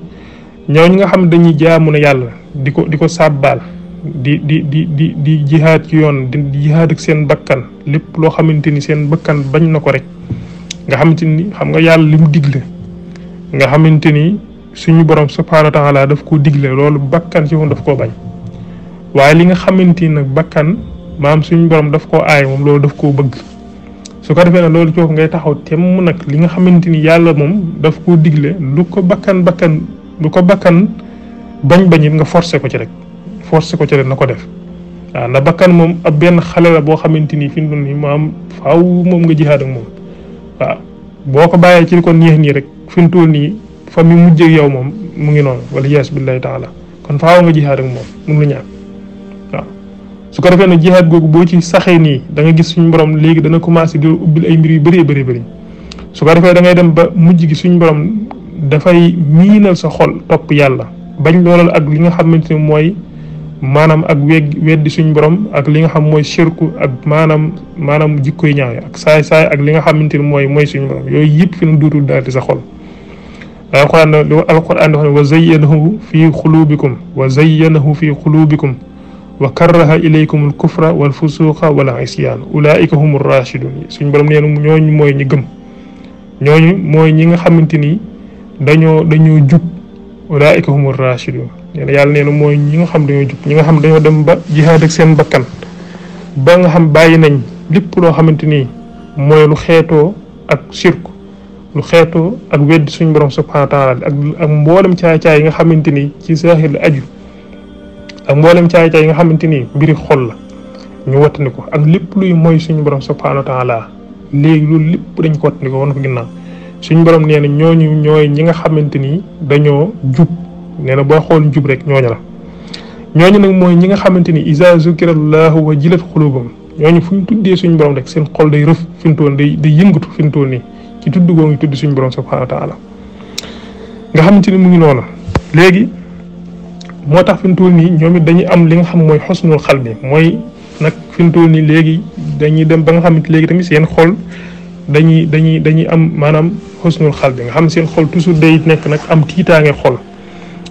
ñooñu nga xam dañuy jaamu ne yàlla di ko di ko sàbbaal di di di di di jihaad ci yoon di jihaad ak seen bakkan lépp loo xamante ni seen bakkan bañ na ko rek nga xamante ni xam nga yàlla li mu digle nga xamante ni suñu borom subhaanahu wa taala daf koo digle loolu bakkan ci moom daf koo bañ waaye li nga xamante ni nag bakkan maam suñu borom daf ko aay moom loolu daf koo bëgg su ko defee na loolu ci ngay taxaw temm nag li nga xamante ni yàlla moom daf koo digle lu ko bakkan bakkan. du ko bakkan bañ bañit nga forcé ko ci rek forcé ko ci rek nako def waaw na bakkan mom ab ben xalé la bo xamanteni fi ndul ni maam faaw mom nga jihad ak mom wa boko baye ci ko neex ni rek fi ndul ni nii fa mi mujj ak yow mom mu ngi non wala yes billahi taala kon faaw nga jihad ak mom mu ngi ñaan wa su ko defé nag jihad gogu bo ci saxé ni da nga gis suñu borom da na commencé di ubbil ay mbir yu bëree bëri bëri su ko defé da ngay dem ba mujj gi suñu borom dafay miinal sa xol topp yàlla bañ loolal ak li nga xamante ni mooy maanaam ak wég weddi suñ borom ak li nga xam mooy sirku ak maanaam maanaam jikkoy ñaaw ak saay saay li nga xamante ni mooy mooy suñ borom yooyu yëpp fi mu duutul daati sa xol alquran alquran dafa ne wa zayyanahu fi xulubikum wa zayyanahu fi xulubikum wa karraha ilaykum al kufra wal fusuqa wal isyan ulaika humu rachidun suñ borom nee na mooy ñi gëm ñooñu mooy ñi nga xamante ni dañoo dañoo jub ulaika humur rashidun neena yalla neena moy ñi nga xam dañoo jub ñi nga xam dañoo dem ba jihad ak seen bakkan ba nga xam bayyi nañ lepp lo xamanteni moy lu xeto ak shirk lu xeto ak wedd suñu borom subhanahu wa taala ak ak mbolam caay-caay yi nga xamanteni ci sahil aju ak mbolam caay-caay yi nga xamanteni mbiri xol la ñu wattandiko ak lepp luy moy suñu borom subhanahu wa taala léegi lu lepp dañ ko wattandiko won ko ginnaw suñ borom nee na ñooñu ñooy ñi nga xamante ni dañoo jub nee na boo xool jub rek ñooñu la. ñooñu nag mooy ñi nga xamante ni isa zukira allahu wa jilat xulubam ñooñu fu ñu tuddee suñu borom rek seen xol day rëf fi mu toll day day yëngatu fi mu toll nii ci tudd goo ngi tudd suñu borom subhanahu wa xamante ni mu ngi léegi moo tax fi mu nii ñoom it dañuy am li nga xam mooy xosnul xal bi mooy nag fi mu toll nii léegi dañuy dem ba nga xamante léegi tamit seen xol dañuy dañuy dañuy am maanaam xusnul bi nga xam seen xol toujours day nekk nag am tiitaange xol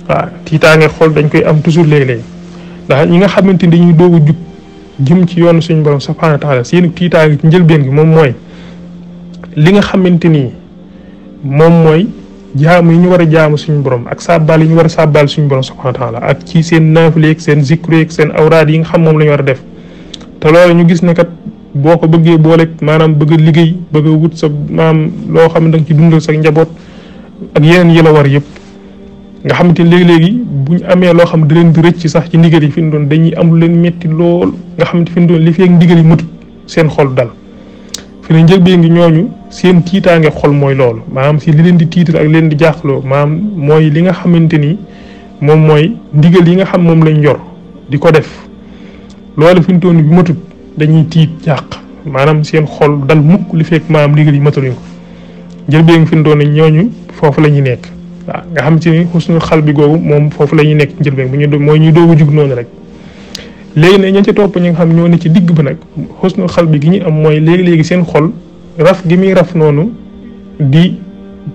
waaw tiitaange xol dañ koy am toujours léeg-léeg ndax ñi nga xamante ni dañuy doog a jub jëm ci yoon suñu borom subhanahu wa taala seen tiitaange ci gi moom mooy li nga xamante ni moom mooy jaamu yi ñu war a jaamu suñu borom ak bal yi ñu war a sàbbaal suñu borom subhanahu wa taala ak ci seen naafile ak seen zikru ak seen awraad yi nga xam moom la ñu war a def te loolu ñu gis ne boo ko bëggee booleeg maanaam bëgg a liggéey bëgg a wut sa maam loo xam ne da nga ci dundal sa njaboot ak yeneen yi la war yëpp nga xamante ni léegi-léegi bu ñu amee loo xam da leen di rëcc sax ci ndigal yi fi ñu doon dañuy am lu leen metti lool nga xamante fi ñu doon li ak ndigal yi matut seen xol dal fi ne njëlbee ngi ñooñu seen tiitaange xol mooy loolu maanaam si li leen di tiital ak leen di jaaxloo maanaam mooy li nga xamante ni moom mooy ndigal yi nga xam moom lañ yor di ko def loolu fi ñu doon bi matut dañuy tiit jàq maanaam seen xol dal mukk li fekk maanaam ndigal yi mataluñ ko njëlbéen fi mu doon ñooñu foofu la ñuy nekk waaw nga xam ci ni xal bi googu moom foofu la ñuy nekk njëlbéen bu ñu mooy ñuy doogu jug noonu rek léegi ne ña ci topp ñi nga xam ñoo ne ci digg ba nag xusnul xal bi gi ñu am mooy léegi-léegi seen xol raf gi muy raf noonu di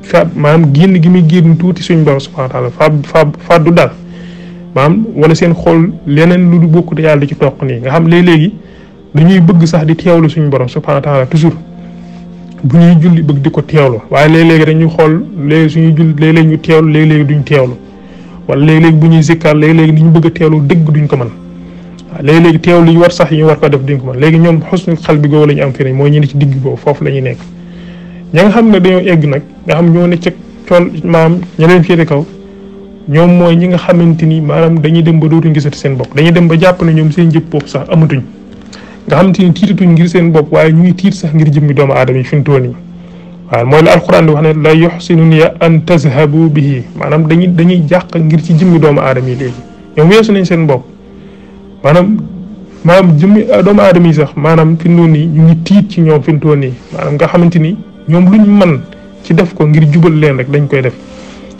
fa maanaam génn gi muy génn tuuti suñ borom subhanahu wa taala fa fa du dal maam wala seen xol leneen lu du bokk te yàlla ci toq nii nga xam lee léegi dañuy bëgg sax di teewlu suñu borom subhanahu wa taala toujours bu ñuy julli bëgg di ko teewlu waaye léeg-léegi dañuy xool léegi suñu julli léeg-léeg ñu teewlu léeg-léegi duñ teewlu wala léeg-léegi bu ñuy zikkar léeg-léegi ni ñu bëgg a teewlu dëgg duñ ko man waaw léeg-léegi teewlu yi war sax yi ñu war ko def duñ ko mën léegi ñoom xusnul xal bi googu la ñu am fii mooy ñu ci digg boobu foofu la ñuy nekk ña nga xam ne dañoo egg nag nga xam ñoo ne ca cool maam ña leen kaw ñoom mooy ñi nga xamante ni maanaam dañuy dem ba dootuñ gisati seen bopp dañuy dem ba jàpp ne ñoom seen sax amatuñ nga xamante ni tiitatuñ ngir seen bopp waaye ñuy tiit sax ngir jëmmi doomu aadama yi fi mu toll nii waaw mooy la alquran di wax ne la yuxsinunia an tazhabu bihi maanaam dañuy dañuy jàq ngir ci jëmmi doomu aadama yi léegi ñoom weesu nañ seen bopp maanaam maanaam jëmmi doomu aadama yi sax maanaam fi nii ñu ngi tiit ci ñoom fi mu toll nii nga xamante ni ñoom luñ man ci def ko ngir jubal leen rek dañ koy def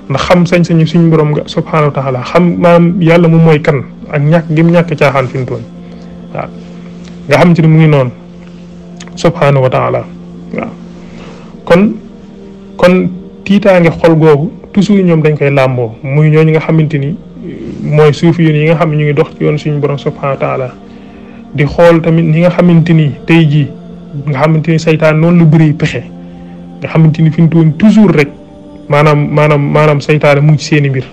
ndax xam sañ-sañu suñu borom nga subhanahu wa taala xam maanaam yàlla mu mooy kan ak ñàkk gi ñàkk caaxaan fi mu toll nga xam ci ne mu ngi noonu subhanahu wa taala waaw kon kon tiitaange xool googu toujours ñoom dañ koy làmboo muy ñooñu nga xamante ni mooy suufi yoon yi nga xam ne ñu ngi dox ci yoon suñu borom subhanahu wa taala di xool tamit ñi nga xamante ni tey jii nga xamante ni saytaan noonu lu bëri pexe nga xamante ni fi mu toujours rek maanaam maanaam maanaam saytaane mu ngi ci seen i mbir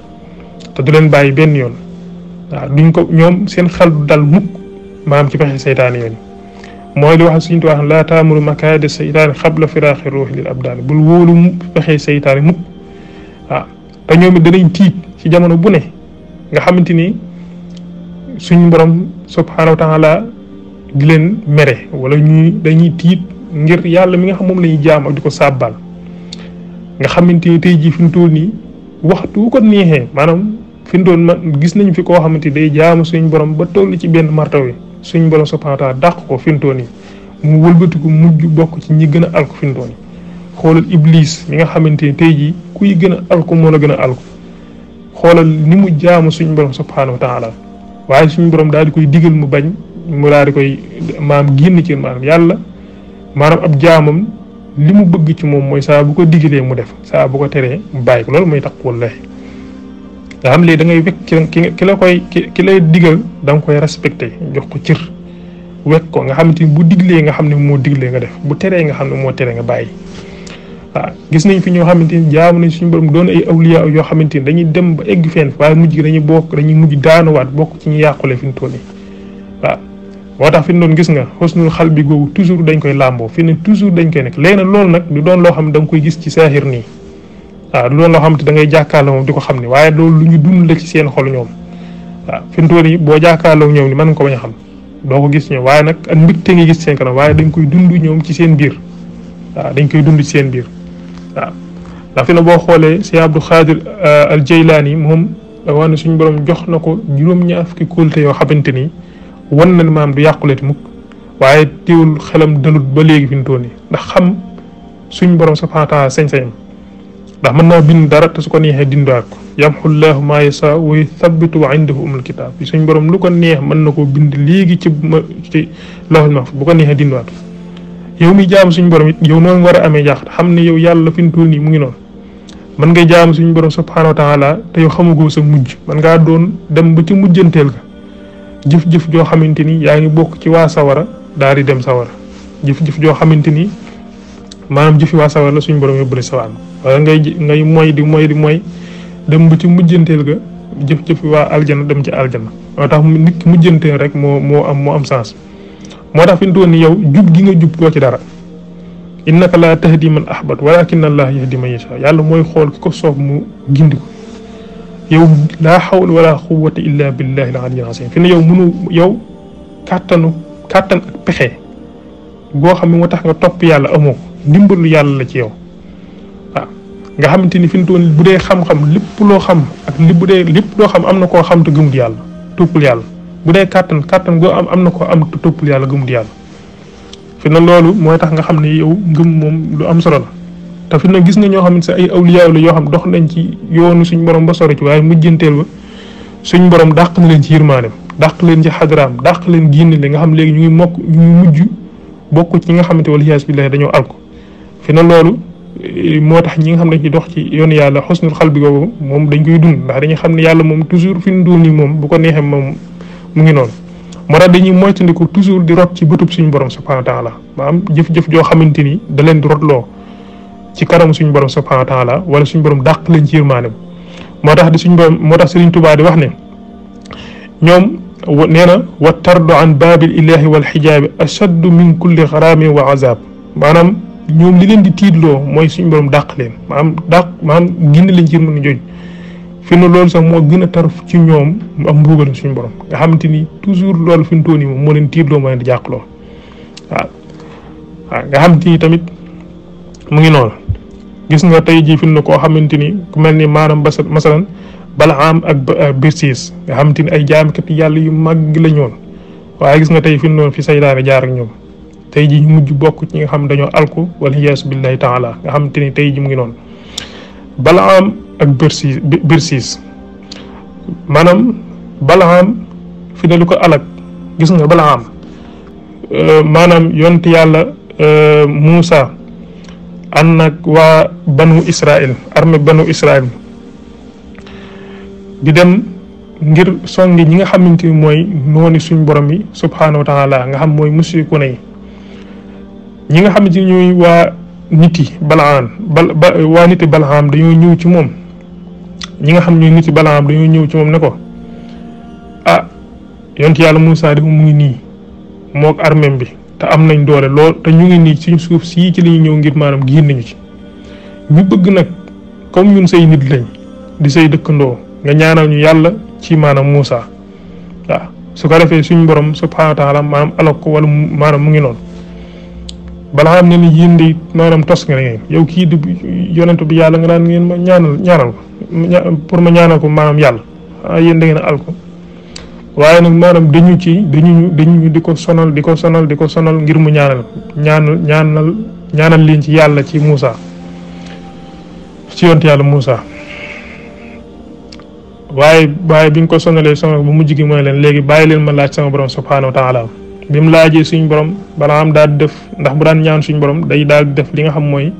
te du leen bàyyi benn yoon waaw duñ ko ñoom seen xel du dal mukk maam ci pexe seytaane yooyu mooy li wax suñu tuwaax laa taamuru makaayida seytaane xabla firaaxi ruuxi lil abdaani bul wóolu pexe seytaane mukk waaw te ñoom it danañ tiit ci jamono bu ne nga xamante ni suñu borom subhaanahu wa taala di leen mere wala ñuy dañuy tiit ngir yàlla mi nga xam moom lañuy ñuy jaam ak di ko sàbbal nga xamante ni tey jii fi mu toll nii waxtu ko neexee maanaam fi mu toll man gis nañ fi koo xamante day jaam suñu borom ba toll ci benn martaw yi suñ borom subhanahu wa taala dàq ko fintoon yi mu wëlbatiku mujj bokk ci ñi gën a alku fintoon yi xoolal ibliis mi nga xamante ni tey jii kuy gën a alku moo la gën a alku xoolal ni mu jaamu suñ borom subhanahu wa taala waaye suñu borom daal di koy digal mu bañ mu daal di koy maam génn ci maanaam yàlla maanaam ab jaamam li mu bëgg ci moom mooy saa bu ko digalee mu def saa bu ko teree mu bàyyi ko loolu mooy taqwallahi nga xam lii da ngay wekk ki ki la koy ki lay digal da koy respecté jox ko cër wekk ko nga xam te bu diglee nga xam ne moo diglee nga def bu teree nga xam ne moo teree nga bàyyi waaw gis nañ fi ñoo xamante ni jaamu nañ suñu borom doon ay yoo xamante ni dañuy dem ba egg fenn waaye mujj gi dañuy bokk mujj daanuwaat bokk ci ñu yàqule fi mu toll nii waaw moo tax fi mu doon gis nga xusnul xal bi googu toujours dañ koy làmboo fi ne toujours dañ koy nekk léegi loolu nag du doon loo xam ne da koy gis ci saaxir nii waaw loolu loo xam te da ngay jàkkaarloo di ko xam ne waaye loolu lu ñu dund la ci seen xol ñoom waaw fi mu toll nii boo jàkkaarloo ñoom ni mën nga ko a xam doo gis ñoom waaye nag ak mbégte nga gis seen kanam waaye dañ koy dund ñoom ci seen biir waaw dañ koy dund ci seen biir waaw fi na boo xoolee si Abdou Khadir euh, al Jeylaani moom da wax ne suñu borom jox na ko juróom-ñaar fukki yoo xamante ni wan na maam du yàquleti mukk waaye tiwul xelam dalut ba léegi fi mu toll nii ndax xam suñu borom subhaanahu wa taala sañ-sañam ndax mën naa bind dara te su ko neexee dindaat ko yamxullahu ma yasa wa yuthabitu indahu umul kitab bi suñ borom lu ko neex mën na koo bind léegi ci ci loxol mahfud bu ko neexee dindaat ko yow mi jaam suñ borom it yow noonu war a amee jaax xam ne yow yàlla fi tuul nii mu ngi noonu man nga jaam suñ borom subhanahu wa taala te yow xamagoo sa mujj man ngaa doon dem ba ya ci mujjanteel ga jëf-jëf joo xamante ni yaa ngi bokk ci waa sawara daal dem sawara Jif jif joo xamante manam jëf wa sawar la suñu borom yóbbu la sawar wala ngay ngay moy di moy di moy dem ci mujjentel ga jëf jëf wa aljana dem ci aljana motax nit ki mujjentel rek mo mo am mo am sens motax tax fi gingo yow jub gi nga jub ko ci dara innaka la tahdi man ahbat walakin allah yahdi man yasha yalla moy xol ko mu gindi ko yow la hawla wala quwwata illa billahi al aliyyil azim fi yow munu yow katanu katan ak pexe goo xam nga top yalla amoko dimbal yàlla la ci yow waaw nga xamante ni fi mu toll bu dee xam-xam lépp loo xam ak li bu dee lépp loo xam am na koo xam te gëmut yàlla toppul yàlla bu dee kàttan kàttan goo am am na koo am te toppul yàlla gëmut yàlla fi na loolu mooy tax nga xam ne yow ngëm moom lu am solo la te fi na gis nga ñoo xam ne sa ay awliyaaw la yoo xam dox nañ ci yoonu suñ borom ba sori ci waaye mujjanteel ba suñ borom dàq na leen ci yërmaaneem dàq leen ci xadaraam dàq leen génn li nga xam léegi ñu ngi mokk ñu mujj bokk ci ñi nga xamante wala yaas bi dañoo alko fi na loolu moo tax ñi nga xam ne ci dox ci yoonu yàlla xosnul xal bi googu moom dañ koy dund ndax dañuy xam ne yàlla moom toujours fi mu dul nii moom bu ko neexee moom mu ngi noonu moo tax dañuy moytandiku toujours di rot ci bëtub suñu borom subhanahu wa taala maanaam jëf-jëf joo xamante ni da leen di rotloo ci kanam suñu borom subhanahu wa taala wala suñu borom dàq leen ci yërmaanem moo tax di suñu borom moo tax Sëriñ Tuubaa di wax ne ñoom nee na wa tardu an baabil ilahi wal xijaabi ashaddu min kulli xaraami wa azab maanaam ñoom li leen di tiitloo mooy suñu borom dàq leen am dàq maanaam gindi lañ ci mën a joñ fi na loolu sax moo gën a tar ci ñoom mu am suñu borom nga xamante ni toujours loolu fi mu nii moom moo leen tiitloo moo leen di jàqloo waaw waaw nga xamante ni tamit mu ngi noonu gis nga tey jii fi nu ne koo xamante ni ku mel ni maanaam basa masalan bala am ak birsiis nga xamante ni ay jaamkat yàlla yu màgg la ñoon waaye gis nga tey fi mu noonu fi saydaane jaar ak ñoom tay ji ñu mujj bokk ci nga xam dañoo alku wal hiyas billahi taala nga xam tini tay ji mu ngi noonu balaam ak birsis manam maanaam balaam fi ne lu ko alak gis nga balaam euh, manam yont yalla euh, musa ànd nag wa banu Israël arme banu Israël di dem ngir songi ñi nga xamanteni moy noni suñu borom yi subhanahu wa taala nga xam moy musyikuna ñi nga xam ne ñooy waa nit yi balaan bal ba waa nit yi balaam dañoo ñëw ci moom ñi nga xam ne ñooy nit yi balaam dañoo ñëw ci moom ne ko ah yonent yàlla Moussa dafa mu ngi nii moog armem bi te am nañ doole lool te ñu ngi nii suñu suuf sii ci la ñëw ngir maanaam giir nañu ci ñu bëgg nag comme ñun say nit lañ di say dëkkandoo nga ñaanaw ñu yàlla ci maanaam Moussa waaw su ko defee suñ borom subhaanahu wa taala maanaam alok ko wala maanaam mu ngi noonu. balaa xam ne ni yéen de tos nga ne yow kii di yonent bi yàlla nga naan ngeen ma ñaanal ñaanal ko pour ma ñaanal ko maanaam yàlla ah yéen da ngeen al ko waaye nag maanaam dañu ci dañu dañu di ko sonal di ko sonal di ko sonal ngir mu ñaanal ñaanal ñaanal ñaanal leen ci yàlla ci muusa ci yonent yàlla muusa waaye waaye bi ñu ko sonalee sonal bu mujj gi mooy leen léegi bàyyi leen ma laaj sama borom subhaanahu wa taala bi mu laajee suñ borom am daal def ndax mu daan ñaan suñu borom day daal def li nga xam mooy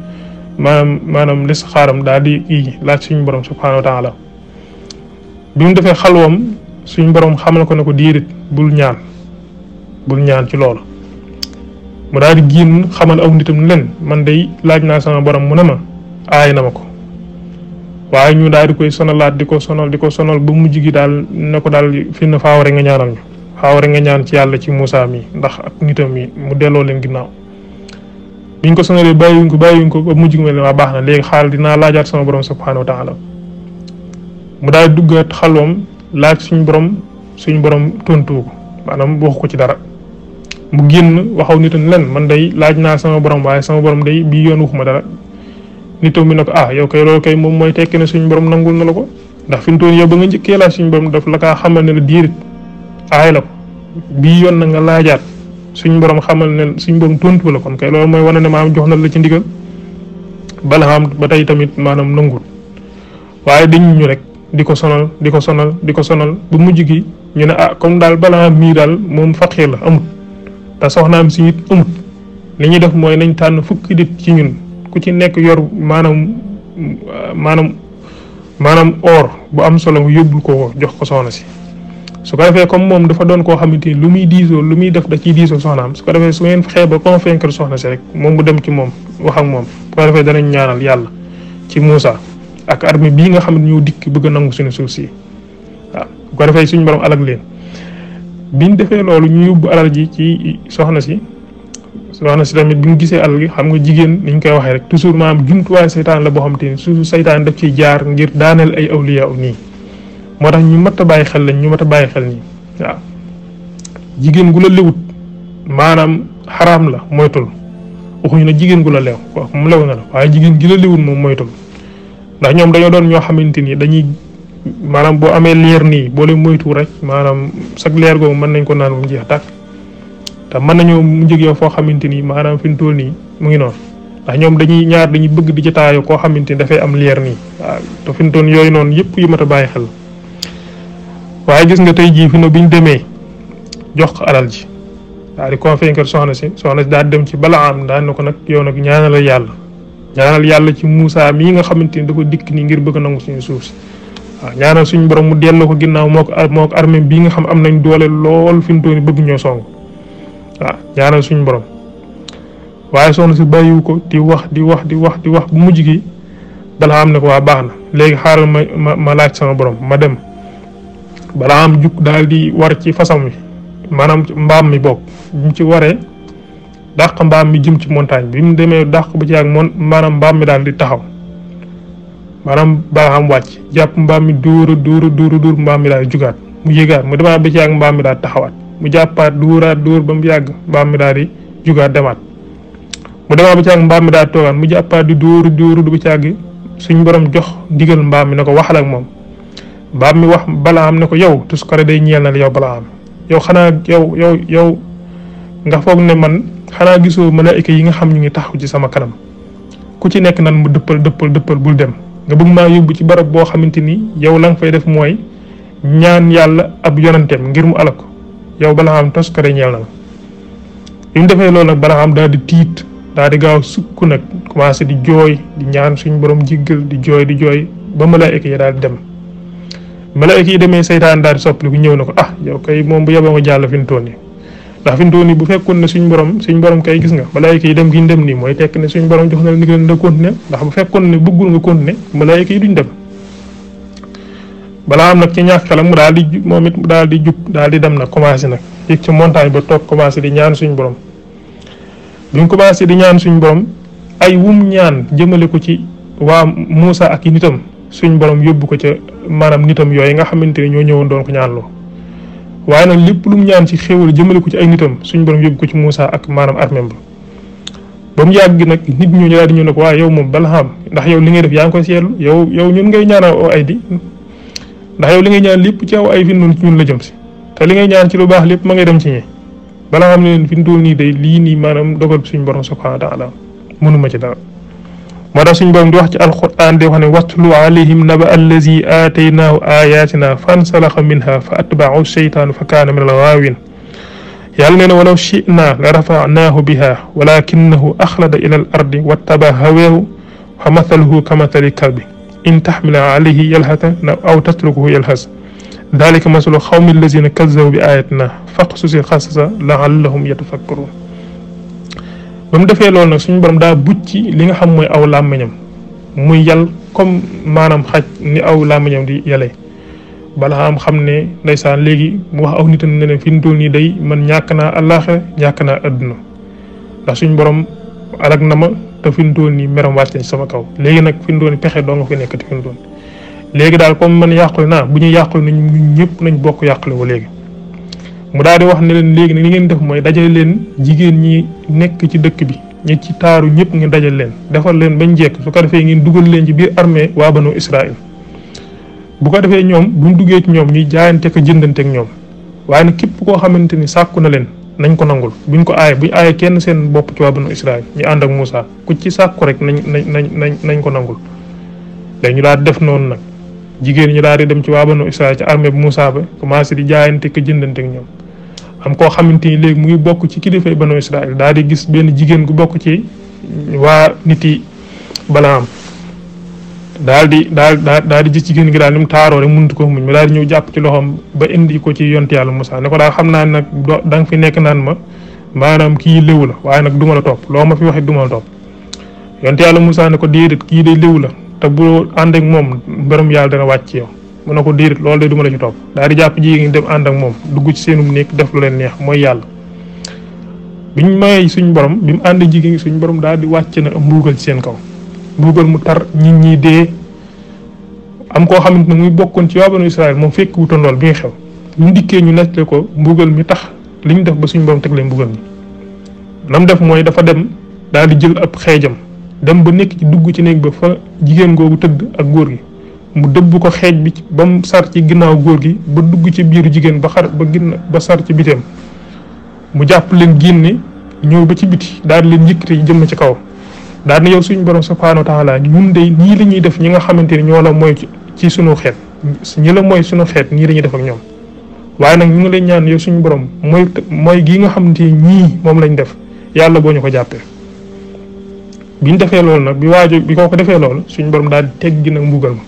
maanaam maanaam lis xaaram daal di kii laaj suñ borom subhaanahu wa taala bi mu defee xalwam suñ borom na ko ne ko diirit bul ñaan bul ñaan ci loolu mu daal di génn xamal aw nitam len man day laaj naa sama borom mu ne ma aay na ma ko waaye ñu daal di koy sonalaat di ko sonal di ko sonal ba mujj gi daal ne ko daal fi na faaw rek nga ñaanal xaaware nga ñaan ci yàlla ci Moussa mi ndax ak nitam mi mu delloo leen ginnaaw biñ ko sonalee bàyyiwuñ ko bàyyiwuñ ko ba mujj ma leen waa baax na léegi xaaral dinaa laajaat sama borom subhanahu wa taala mu daal duggaat xalwam laaj suñ borom suñ borom tontu ko maanaam waxu ko ci dara mu génn waxaw nitam len man day laaj naa sama borom waaye sama borom day bii yoon waxuma dara nitam mi ne ko ah yow kay loolu kay moom mooy tekki ne suñ borom nangul na la ko ndax fi mu toon yow ba nga njëkkee laaj suñ borom daf la kaa xamal ne la diirit aay la ko bii yoon na nga laajaat suñ borom xamal ne suñ borom tontu la kon kay loolu mooy wane ne maanaam jox na la ci ndigal balxam ba tey tamit maanaam nangul waaye dañ ñu rek di ko sonal di ko sonal di ko sonal bu mujj gi ñu ne ah comme daal balxam mii daal moom faqiir la amut te soxnaam si it amut li def mooy nañ tànn fukki nit ci ñun ku ci nekk yor maanaam maanaam maanaam or bu am solo yóbbul ko jox ko soxna si su ko defee comme moom dafa doon koo xamante ni lu muy diisoo lu muy def da ciy diisoo soxnaam su ko defee su ngeen fexee ba convaincre soxna si rek moom mu dem ci moom wax ak moom su ko defee danañ ñaanal yàlla ci Moussa ak armée bii nga xam ne ñoo dikk bëgg a suñu suuf si waaw su ko defee suñu borom alag leen biñ defee loolu ñu yóbbu alal ji ci soxna si soxna si tamit bi mu gisee alal gi xam nga jigéen ni ñu koy waxee rek toujours maam jumtuwaay saytaan la boo xam te su suufu saytaan daf ciy jaar ngir daaneel ay awliya nii moo tax ñu mat a bàyyi xel lañ ñu mat bàyyi xel nii waaw jigéen gu la lewut maanaam xaraam la moytul waxuñu ne jigéen gu la leew kooku mu lew na la waaye jigéen gi la lewut moom moytul ndax ñoom dañoo doon ñoo xamante ni dañuy maanaam boo amee leer nii boo leen rek maanaam sag leer mën nañ ko naan moom jeex tàkk te mën nañoo mu foo xamante ni maanaam fi mu toll nii mu ngi noonu ndax ñoom dañuy ñaar dañuy bëgg di ci taayo koo xamante ni dafay am leer nii waaw te fi mu toll yooyu noonu yëpp yu mat a bàyyi xel waaye gis nga tey jii fi ne demee jox ko alal ji daal di convaincre soxna si soxna si daal dem ci bala am daan na ko nag yow nag ñaanal yàlla ñaanal yàlla ci Moussa mi nga xamante ni da ko dikk nii ngir bëgg nangu suñu suuf si waaw ñaanal suñu borom mu delloo ko ginnaaw moo ko moo ko armée nga xam am nañ doole lool fi mu bëgg ñoo song waaw ñaanal suñu borom waaye soxna si bàyyiwu ko di wax di wax di wax di wax bu mujj gi bala am ne ko waa baax xaaral ma ma laaj sama borom ma dem balaa juk dal di war ci fasam wi manam mbam mi bok bu ci waré dàq mbam mi jëm ci montagne bi mu demee dàq ci ak mon maanaam mbaam mi dal di taxaw manam balaa am wàcc jàpp mbaam mi dóora dóora dóora dur mbam mi dal jugat mu yëgaat mu dama bi ci ak mbam mi dal taxawat mu jàppaat dura dur bam yag mbam mi dal di jugaat demat mu dama bi ci ak mbam mi dal togan mu jàppaat di dóoru du bi ci ak suñ borom jox ndigal mbam mi nako waxal ak mom bammi mi wax balaam ne ko yow tuskare day ñeel na yow balaam yow xana yow yow yow nga fogg ne man xana gisoo malaika yi nga xam ñu ngi taxaw ci sama kanam ku ci nekk nan mu dëppal dëppal dëppal bul dem nga bëgg maa yóbbu ci barab boo xamante ni yow la nga fay def mooy ñaan yàlla ab yonanteem ngir mu alako yow balaam tuskare ñeel na la bi mu defee loolu nag balaam daal di tiit daal di gaaw sukk nag commencé di jooy di ñaan suñ borom jiggal di jooy di jooy ba malaika ya daal di dem mala kii demee seytaan daal di soppaliku ñëw na ko ah yow kay moom bu yeboo nga jàll fi mu ndax fi mu toll nii bu fekkoon ne suñ borom suñ borom kay gis nga malaayika yi dem gi ñu dem nii mooy tekk ne suñ borom jox na la ndigal na continuer ndax bu fekkoon ne bëggul nga continuer malaayika yi duñ dem nag ci ñàkk xelam daal di moom it daal di jub daal di dem nag commencé nag yëg ci montagne ba toog commencé di ñaan suñ borom bi mu commencé di ñaan suñ borom ay wum ñaan jëmale ko ci waa Moussa ak yi nitam suñ borom yóbbu ko ca manam nitam yoy nga xamanteni ne ñoo ñëwoon doon ko ñaanloo waye nak lepp lu mu ñaan ci xewul jëmale ko ci ay nitam suñu borom yóbbu ko ci Musa ak manam armem ba ba mu yàgg nag nit ñooñu daal di ñu nak wa yow mom balham ndax yow li ngay def yaang ngi koy seetlu yow yow ñun ngay ñaanal o ay di ndax yow li ngay ñaan lepp ci yow ay fi noonu ci ñun la jëm ci te li ngay ñaan ci lu baax lepp ma ngay dem ci ñi balham ne leen fi mu toll day li ni manam dogal suñu borom subhanahu wa taala mënuma ci dara مرة سنجب عن دوحة القرآن دي وحن واتلو عليهم نبأ الذي آتيناه آياتنا فانسلخ منها فأتبعه الشيطان فكان من الغاوين يالنين ولو شئنا لرفعناه بها ولكنه أخلد إلى الأرض واتبع هواه فمثله كمثل الكلب إن تحمل عليه يلهث أو تتركه يلهث ذلك مثل الخوم الذين كذبوا بآياتنا فاقصص القصص لعلهم يتفكرون ba mu defee loolu nag suñu borom daa bucc ci li nga xam mooy aw làmmiñam muy yal comme maanaam xaj ni aw làmmiñam di yale balaa am xam ne ndeysaan léegi mu wax aw nitam ne ne fi mu toll nii day man ñàkk naa àllaaxira ñàkk naa adduna ndax suñu borom alag na ma te fi mu toll nii meram wàcc na sama kaw léegi nag fi mu toll nii pexe doo nga fi nekkati fi mu toll léegi daal comme man yàqule naa bu ñu yàqule nañ ñëpp nañ bokk yàqule wa léegi mu daal di wax ne leen léegi li ngeen def mooy dajale leen jigéen ñi nekk ci dëkk bi ñu ci taaru ñëpp ngi dajal leen defal leen bañ jekk su ko defee ngeen dugal leen ci biir armee waa banu Israël bu ko defee ñoom bu mu duggee ci ñoom ñuy jaayante ko jëndante ñoom waaye nag képp koo xamante ni sàkku na leen nañ ko nangul buñ ko aaye buñ aaye kenn seen bopp ci waa banu ñu ànd ak Moussa ku ci sàkku rek nañ nañ nañ nañ ko nangul léegi ñu daal di def noonu nag jigéen ñi daal di dem ci waa banu Israël ci armée bu Moussa ba commencé di jaayante ko jëndante ak ñoom am ko xamanteni leg muy mu ci kilifa banu Israël daal di gis ben jigen gu bok ci wa niti balam balaam daal di daal daal di gis gi daal ni taro rek muntu ko muñ ma daal di ñëw ci loxom ba indi ko ci yont yalla musa ne ko daal xamna nak dang fi nek nan ma manam ki léwu la waye nak duma la top lo ma fi waxe duma la top yont yalla musa ne ko déedéet ki day léwu la ta bu ande ak mom mbirum yalla dana wàcc yow mu ne ko diirit loolu de du ma la ci topp daal di jàpp jigéen dem ànd ak moom dugg ci seenum néeg def lu leen neex mooy yàlla biñ may suñ borom bi mu ànd jigéen suñ borom daal di wàcc na mbuugal ci seen kaw mbuugal mu tar nit ñi dee am koo xamante ne muy bokkoon ci waa Israël moom fekk wutoon lool bi xew ñu dikkee ñu nettali ko mbugal mi tax li ñu def ba suñ borom teg leen mbugal mi nam def mooy dafa dem daal di jël ab xeejam dem ba nekk ci dugg ci néeg ba fa jigéen googu tëdd ak góor gi mu dëbb ko xeej bi ba mu sar ci ginnaaw góor gi ba dugg ci biiru jigéen ba xar ba ginn ba sar ci biteem mu jàpp leen génne ñëw ba ci biti daal leen yëkkati jëmm ci kaw daal ne yow suñu borom subhaanahu wa taala ñun de nii la ñuy def ñi nga xamante ni ñoo la mooy ci sunu xeet ñi la mooy sunu xeet nii la def ak ñoom waaye nag ñu ñaan yow suñu borom mooy mooy gii nga xamante ni ñii moom lañ def yàlla boo ñu ko jàppee biñ defee loolu nag bi waajo bi koo ko defee loolu suñu borom daal di teggi nag mbugal ma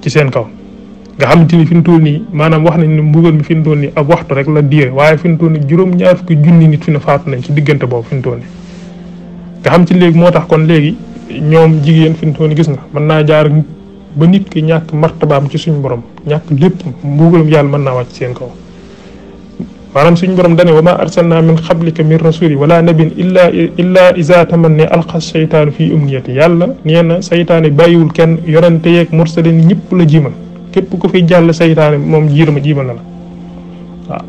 ci seen kaw nga xamante ni fi mu toll nii maanaam wax nañ ne mbugal mi fi mu toll nii ab waxtu rek la diire waaye fi mu toll juróom-ñaar fukki junni nit fi na faatu nañ ci diggante boobu fi mu toll nii nga xam ci léegi moo tax kon léegi ñoom jigéen fi mu toll nii gis nga mën naa jaar ba nit ki ñàkk martabaam ci suñu borom ñàkk lépp mbugalum yàlla mën naa wàcc seen kaw maanaam suñu borom dane wa ma arsalna min qablika min rasuli wala nabin illa illa isa tamanne alqa seytaanu fii umniyati yàlla nee na seytaane bàyyiwul kenn yorante yeeg mursalin ñëpp la jiimal képp ku fi jàll seytaane moom jiiruma jiimal na la waaw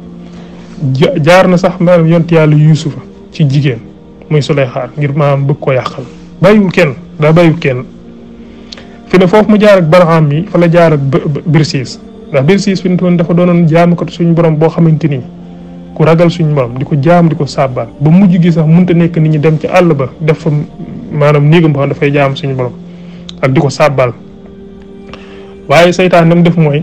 jaar na sax maanaam yonti yàlla yuusufa ci jigéen muy suleyxaar ngir maanaam bëgg ko yàqal bàyyiwul kenn daa bàyyiwul kenn fi ne foofu mu jaar ak baraam mi fa la jaar ak birsiis ndax birsiis fi ne dafa doonoon jaamukatu suñu borom boo xamante nii ku ragal suñu borom di ko jaam di ko sàbbaal ba mujj gi sax munta nekk nit ñi dem ci àll ba def fa maanaam néegam xam dafay jaam suñu borom ak di ko sàbbaal waaye saytaan nam def mooy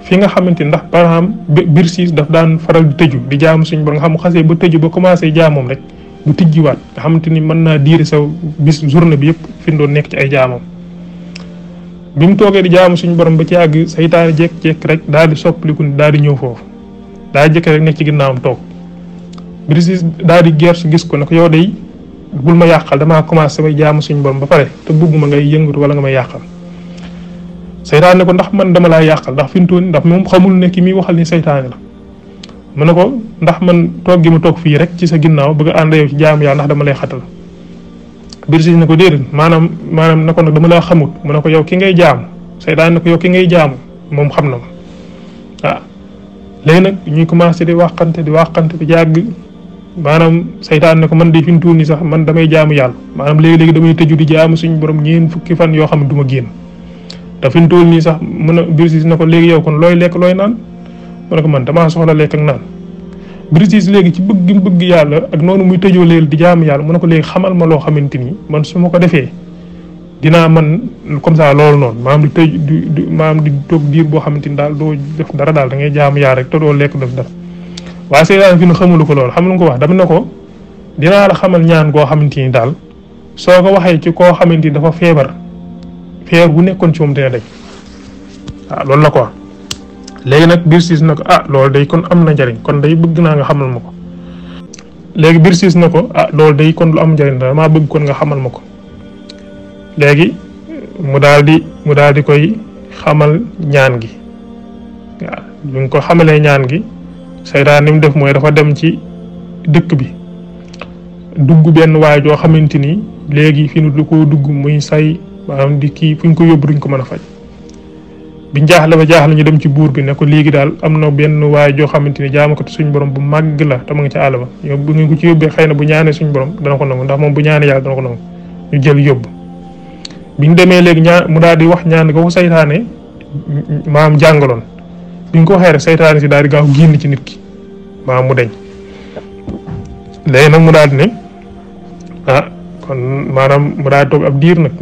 fi nga xamante ndax par exemple biir siis daf daan faral di tëju di jaam suñu borom nga xam xasee ba tëju ba commencé jaamoom rek bu tijjiwaat nga xamante ni mën naa diire saw bis journée bi yëpp fi doon nekk ci ay jaamoom bi mu toogee di jaamu suñu borom ba ci àgg saytaane jekk-jekk rek daal di soppaliku daal di ñëw foofu daa jëkk rek nekk ci ginnaawam toog Birisis daal di gerte gis ko ne ko yow day bul ma yàqal damaa commencé samay jaamu suñu borom ba pare te bëgguma ngay yëngatu wala nga may yàqal. seytaane ne ko ndax man dama laa yàqal ndax fi mu toll ndax moom xamul ne ki muy waxal ni seytaane la mu ne ko ndax man toog gi ma toog fii rek ci sa ginnaaw bëgg ànd yow ci jaamu yàlla ndax dama lay xatal. Birisis na ko déedéet maanaam maanaam na ko nag dama laa xamut mu na ko yow ki ngay jaamu seytaane ne ko yow ki ngay jaamu moom xam na ma ah, léegi nag ñuy commencé di waxante di waxante di yàgg maanaam saytaan ne ko man de fi mu tuuti sax man damay jaamu yàlla maanaam léegi-léegi damay tëju di jaamu suñu borom ñeen fukki fan yoo xam ne du ma génn te fi mu toll nii sax mën a Brésil na ko léegi yow kon looy lekk looy naan mu ne ko man damaa soxla lekk ak naan Brésil léegi ci bëgg gi bëgg yàlla ak noonu muy tëjoo léegi di jaamu yàlla mun ne ko léegi xamal ma loo xamante ni man su ma ko defee dinaa man comme saa loolu noonu maam di tëj di maam di toog diir boo xamante ni daal doo def dara daal da ngay yaar rek te doo lekk def dara waaye seytaan fi nu xamulu ko loolu xam lu ko wax dama ne ko dinaa xamal ñaan goo xamante ni daal soo ko waxee ci koo xamante ni dafa feebar feebar bu nekkoon ci moom dina daj waaw loolu la quoi léegi nag biir siis na ko ah loolu day kon am na njariñ kon day bëgg naa nga xamal ma ko léegi biir na ko ah loolu day kon lu am njariñ damaa bëgg kon nga xamal ma ko léegi mu daal di mu daal di koy xamal ñaan gi waaw bi mu ñaan gi seytaan ni mu def mooy dafa dem ci dëkk bi dugg benn waay joo xamante ni léegi fi nu lu ko dugg muy say maanaam di kii fu ñu ko yóbbu duñ ko mën a faj biñ jaaxle ba jaaxle ñu dem ci buur bi ne ko léegi daal am na benn waay joo xamante ni jaamu ko te suñ borom bu màgg la te mu ngi ci àll ba yow ko ci yóbbee xëy na bu ñaanee suñ borom dana ko nangu ndax moom bu ñaanee yàlla dana ko nangu ñu jël yóbbu biñ demee léegi ñaan mu daal di wax ñaan ko saytaane maam jàngaloon biñ ko waxee rek saytaane si daal di gaaw génn ci nit ki maam mu deñ léegi nag mu daal di ne ah kon maanaam mu daal di toog ab diir nag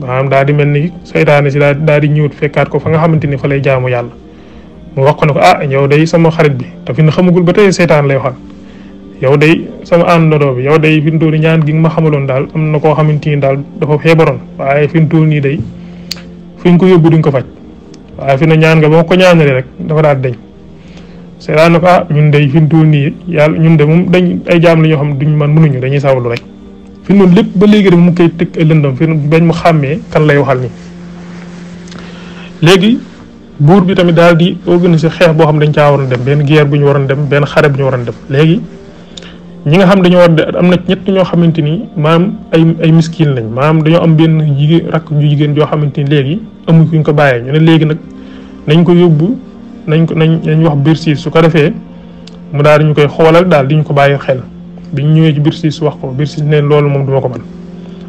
maanaam daal di mel ni saytaane si daal daal di ñëwut fekkaat ko fa nga xamante ni fa lay jaamu yàlla mu wax ko ne ko ah yow day sama xarit bi te fi na xamagul ba tey saytaan lay waxal yow day sama àndandoo bi yow day fi mu toll ñaan gi nga ma xamaloon daal am na koo xamante ni daal dafa feebaroon waaye fi mu nii day fuñ ko yóbbu duñ ko faj waaye fi na ñaan nga boo ko ñaanalee rek dafa daal dañ seetaan na ko ah ñun day fi mu nii yàlla ñun de moom dañ ay jaam la ñoo xam duñ man mënuñu dañuy sawlu rek fi mu lépp ba léegi rek mu koy tëkk lëndam fi bañ mu xàmmee kan lay waxal ni léegi bi tamit daal di organiser xeex boo xam dañ caa waroon dem benn guerre bu ñu waroon dem benn xare bu ñu waroon dem léegi ñi nga xam dañoo am na ñett ñoo xamante ni maam ay ay miskin lañ maam dañoo am benn jigéen rakk ju jigéen joo xamante ni léegi amuñ kuñ ko bàyyee ñu ne léegi nag nañ ko yóbbu nañ ko nañ nañ wax biir siis su ko defee mu daal ñu koy xoolal daal di ñu ko bàyyi xel bi ñu ñëwee ci biir siis wax ko biir siis neen loolu moom duma ko man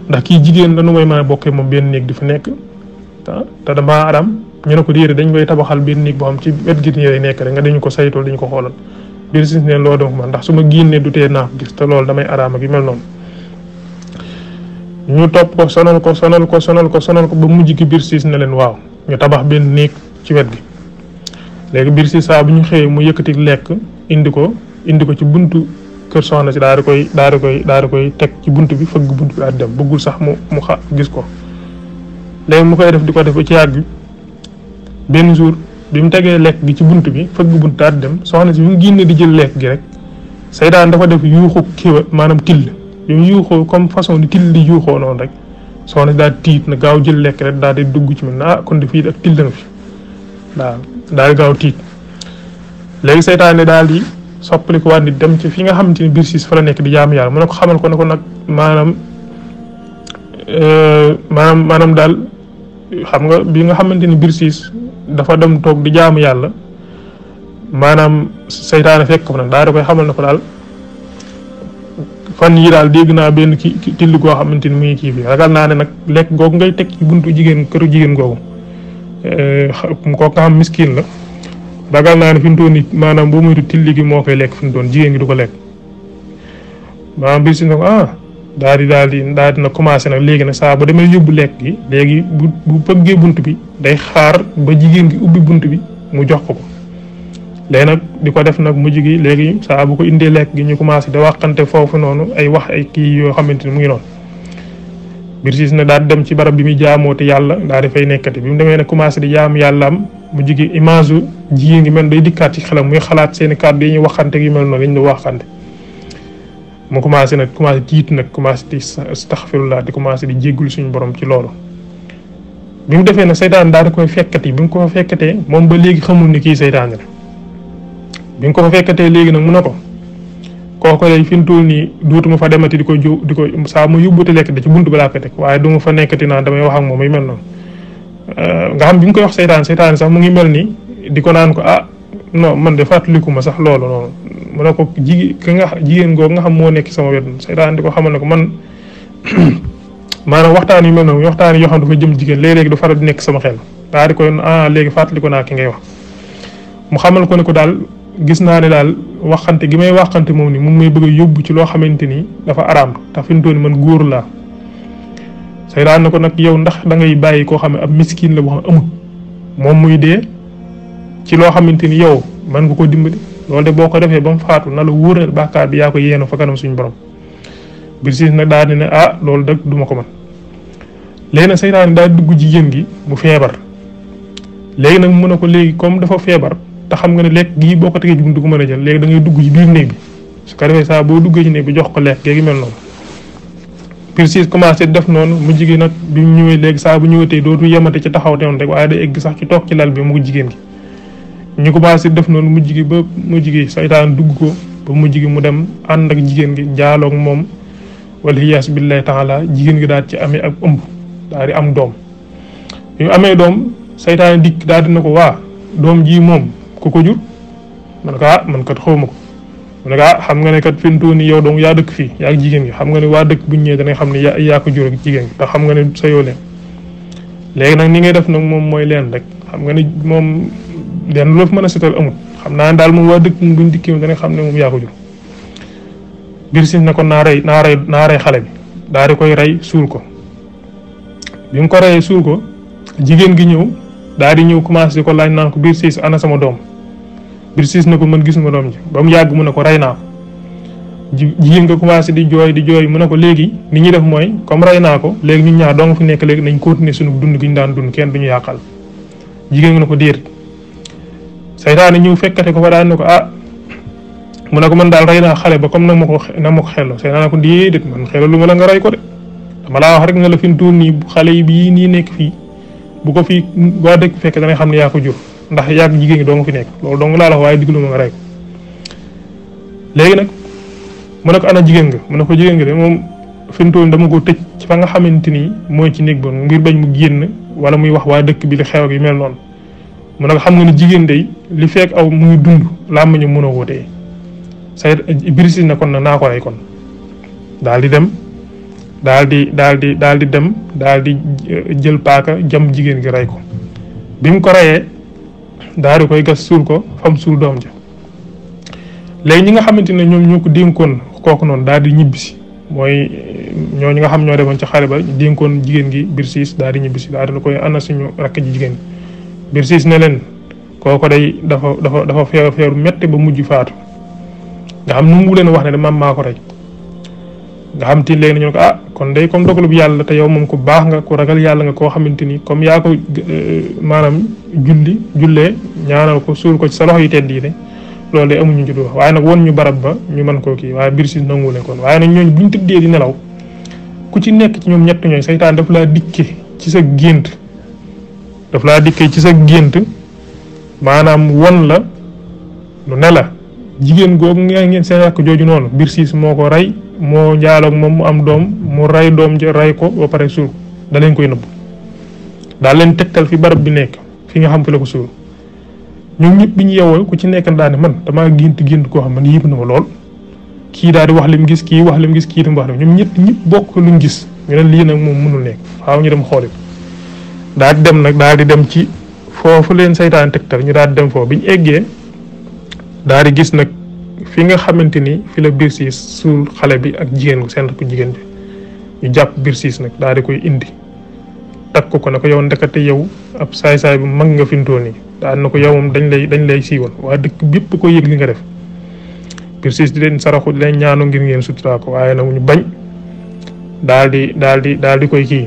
ndax kii jigéen dañu may mën a bokkee moom benn néeg di fa nekk te dama adam ñu ne ko déere dañ koy tabaxal benn néeg boo xam ci wet gi nii nekk rek nga dañu ko saytol dañu ko xoolal del si ne loo donc man ndax su ma génnee du te naa ko gis te loolu damay araam ak mel noonu ñu topp ko sonal ko sonal ko sonal ko sonal ko ba mujj ki biir siis ne leen waaw ñu tabax benn néeg ci wet gi léegi biir saa bu ñu xëyee mu yëkkati lekk indi ko indi ko ci buntu kër soxna si daal di koy daal di koy daal koy teg ci bunt bi fëgg buntu bi daal bëggul sax mu mu xa gis ko léegi mu koy def di ko def ba ci yàgg benn jour. bi mu tegee lekk gi ci bunt bi fëgg bunt daal dem soxna si bi mu génnee di jël lekk gi rek seytaan dafa def yuuxu kiwa maanaam till bi mu comme façon di till di yuuxoo noonu rek soxna si daal tiit na gaaw jël lekk rek daal di dugg ci mën na ah kon de fii ak till na fi waaw daal di gaaw tiit léegi seytaane daal di soppali ko waat dem ci fi nga xamante ni biir siis fa la nekk di jaamu yàlla mu ne ko xamal ko ne ko nag maanaam euh, maanaam daal xam nga bi nga xamante ni Birsiis dafa dem toog di jaamu yàlla maanaam seytaane fekk ko nag daa da koy xamal na ko daal fan yi daal dégg naa benn ki till koo xamante ni mu ngi kii bi ragal naa ne nag lekk googu ngay teg ci buntu jigéen këru jigéen googu eh, kooku nga xam miskin la ragal naa ne fi mu toon nii maanaam boo muytu tilli moo koy lekk fi mu toon du ko lekk maanaam Birsiis na ko ah daal di daal di daal dina commencé nag léegi nag saa bu demee yóbbu lekk gi léegi bu bu pëggee bunt bi day xaar ba jigéen gi ubbi bunt bi mu jox ko ko léegi nag di ko def nag mujj gi léegi saa bu ko indee lekk gi ñu commencé da waxante foofu noonu ay wax ay kii yoo xamante ni mu ngi noonu Birsiis nag daal di dem ci barab bi mu jaamoo te yàlla daa di fay nekkati bi mu demee nag commencé di jaam yàllaam mujj gi image jigéen gi mel day dikkaat ci xelam muy xalaat seen i kàddu yi ñuy waxante yu mel noonu lañ doon waxante. mu commencé nag commencé tiit nag commencé di astaxfirullah di commencé di jéggul suñu borom ci loolu bi mu defee nag seytaan daal di koy fekkati bi mu ko fekkatee moom ba léegi xamul ni kii seytaan la bi mu ko fa fekkatee léegi nag mu ne ko kooku lay fi mu toll nii dootuma fa demati di ko ju di ko saa mu yóbbuute lekk da ci bunt buntu balaa ko teg waaye du ma fa nekkati naan damay wax ak moom yu mel noonu euh, nga xam bi mu koy wax seytaan seytaan sax mu ngi mel nii di ko naan ko ah non man de fàttaliku ma sax loolu noonu mu ne ko jigéen ki nga jigéen googu nga xam moo nekk sama wet seytaan di ko xamal ne ko man maanaam waxtaan yu mel waxtaan yoo xam dafa jëm jigéen léeg-léeg du di nekk sama xel daa di koy ah léegi fàttaliku naa ki ngay wax mu xamal ko ne ko daal gis naa ne daal waxante gi may waxante moom ni moom may bëgg yóbbu ci loo xamante ni dafa araam tax fi mu toll man góor laa seytaan ne ko nag yow ndax dangay bàyyi koo xam ne ab miskin la boo xam amul moom muy dee ci loo xamante ni yow mën nga ko dimbali loolu de boo ko defee ba mu faatu na la wóor ne bàkkaar bi yaa ko yéeno fa kanam suñu borom bir siis nag daal ne ah loolu dëgg duma ko mën léegi nag seytaane daal dugg jigéen gi mu feebar léegi nag mu ne ko léegi comme dafa feebar te xam nga ne lekk gii boo ko tegee ci buntu ko mën a jël léegi da dugg ci néeg bi su que defee saa boo duggee ci néeg bi jox ko lekk géegi mel noonu précis commencé def noonu mu jigéen nag bi mu ñëwee léegi saa bu ñëwee tey dootu yemate ci taxaw teewoon rek waaye day egg sax ci toog ci lal bi mu jigéen gi ñu commencé def noonu mu gi ba mu gi saytaan dugg ko ba mujj gi mu dem ànd ak jigéen gi jaaloog moom wala xiyaas billahi taala jigéen gi daal ci amee ak ëmb daal di am doom yu amee doom saytaan dikk daal dina ko waa doom ji moom ku ko jur man kaa ah, man kat xawma ko man kaa ah, xam nga ne kat fintoo ni yow dong yaa dëkk fii yaa ak jigéen gi xam nga ne waa dëkk bu ñëwee danañ xam ne yaa yaa ko jur ak jigéen gi ndax xam nga ne sa yoo leen léegi nag ni ngay def nag moom mooy leen rek xam nga lenn loo fi mën a setal amul xam naa daal moom waa dëkk moom buñ dikkee dana xam ne moom yaa ko jur biir si ne ko naa rey naa rey xale bi daal di koy rey suul ko bi mu ko reyee suul ko jigéen gi ñëw daal di ñëw commencé di ko laaj naan ko biir siis ana sama doom biir na ko man gisuma doom ji ba mu yàgg mu ne ko rey naa ko jigéen nga commencé di jooy di jooy mu ne ko léegi ni ñuy def mooy comme rey naa ko léegi ñun ñaar dong fi nekk léegi nañ continuer suñu dund gi ñu daan dund kenn du ñu yàqal jigéen nga ne ko déet seytaane ñëw fekkate ko fa daan ne ko ah mu ne ko man daal rey naa xale ba comme na ma ko na ma ko xelloo naa ko dit man xelloo lu ma la nga rey ko de dama laa wax rek ne la fi tuur nii xale yi bii nii nekk fii bu ko fi waa dëkk fekk ngay xam ne yaa ko jur ndax yaa jigéen ñi doo nga fi nekk loolu dong laa la wax waaye diglu ma nga rey ko léegi nag mu ne ko ana jigéen nga mu ne ko jigéen nga de moom fi mu dama ko tëj fa nga xamante ni mooy ci nekk ba ngir bañ mu génn wala muy wax waa dëkk bi li xew ak yu mel noonu mu ne xam nga ni jigéen day li fekk aw ngi dund ñu mën a wóotee say birisi ne kon na naa ko rey kon daal di dem daal di daal di daal di dem daal di eh, jël paaka jam jigéen gi rey ko bi mu ko reyee daal di koy gas suul ko fam suul doom ja léegi ñi nga xamante ne ñoom ñoo ko dénkoon kooku noonu daal di ñibbi si mooy eh, ñoo ñi nga xam ñoo demoon ci xare ba dénkoon jigéen gi biir siis daal di ñibbi si daal di koy ana suñu rakk ji jigéen gi dir siis ne leen kooko day dafa dafa dafa feeru feeru metti ba mujj faatu nga xam nu mu leen wax ne maam maa ko rey nga xam ti léegi ñu ne ko ah kon day comme dogalub yàlla te yow moom ko baax nga ko ragal yàlla nga koo xamante ni comme yaa ko eh, maanaam julli jullee ñaanal ko suur ko ci sa loxo yi tedd yi de loolu de amuñu ci du waaye nag woon ñu barab ba ñu mën koo kii waaye biir si nangu ne kon waaye nag ñooñ buñ tëddee di nelaw ku ci nekk ci ñoom ñett ñooñ saytaan daf laa ci sa gént daf laa dikkee ci sa gént maanaam won la lu ne la jigéen googu ngeen seen rakk jooju noonu biir siis moo ko rey moo njaaloog moom mu am doom mu rey doom ja rey ko ba pare suur da leen koy nëbb daal leen tegtal fi barab bi nekk fi nga xam ko suur ñoom ñëpp ñu yeewoo ku ci nekk na daane man damaa gént gént koo xam man yéem na ma lool kii daa di wax lim gis kii wax lim gis kii itam wax lim ñoom ñëpp ñëpp bokk luñ gis ñu ne lii nag moom mënul nekk waaw ñu dem xooli daal di dem nag daal di dem ci foofu leen saytaan tegtal ñu daal di dem foofu bi ñu eggee daal di gis nag fi nga xamante ni fi la birsiis suul xale bi ak jigéen gu seen rakku jigéen bi ñu jàpp birsiis nag daal di koy indi takk ko na ko yow ndekete yow ab saay-saay bu mag nga fintoo nii daal na ko yow moom dañ lay dañ lay siiwal waa dëkk bépp ko yëg li nga def birsiis di leen saraxu di leen ñaanu ngir ngeen sutura ko waaye nag ñu bañ daal di daal di daal di koy kii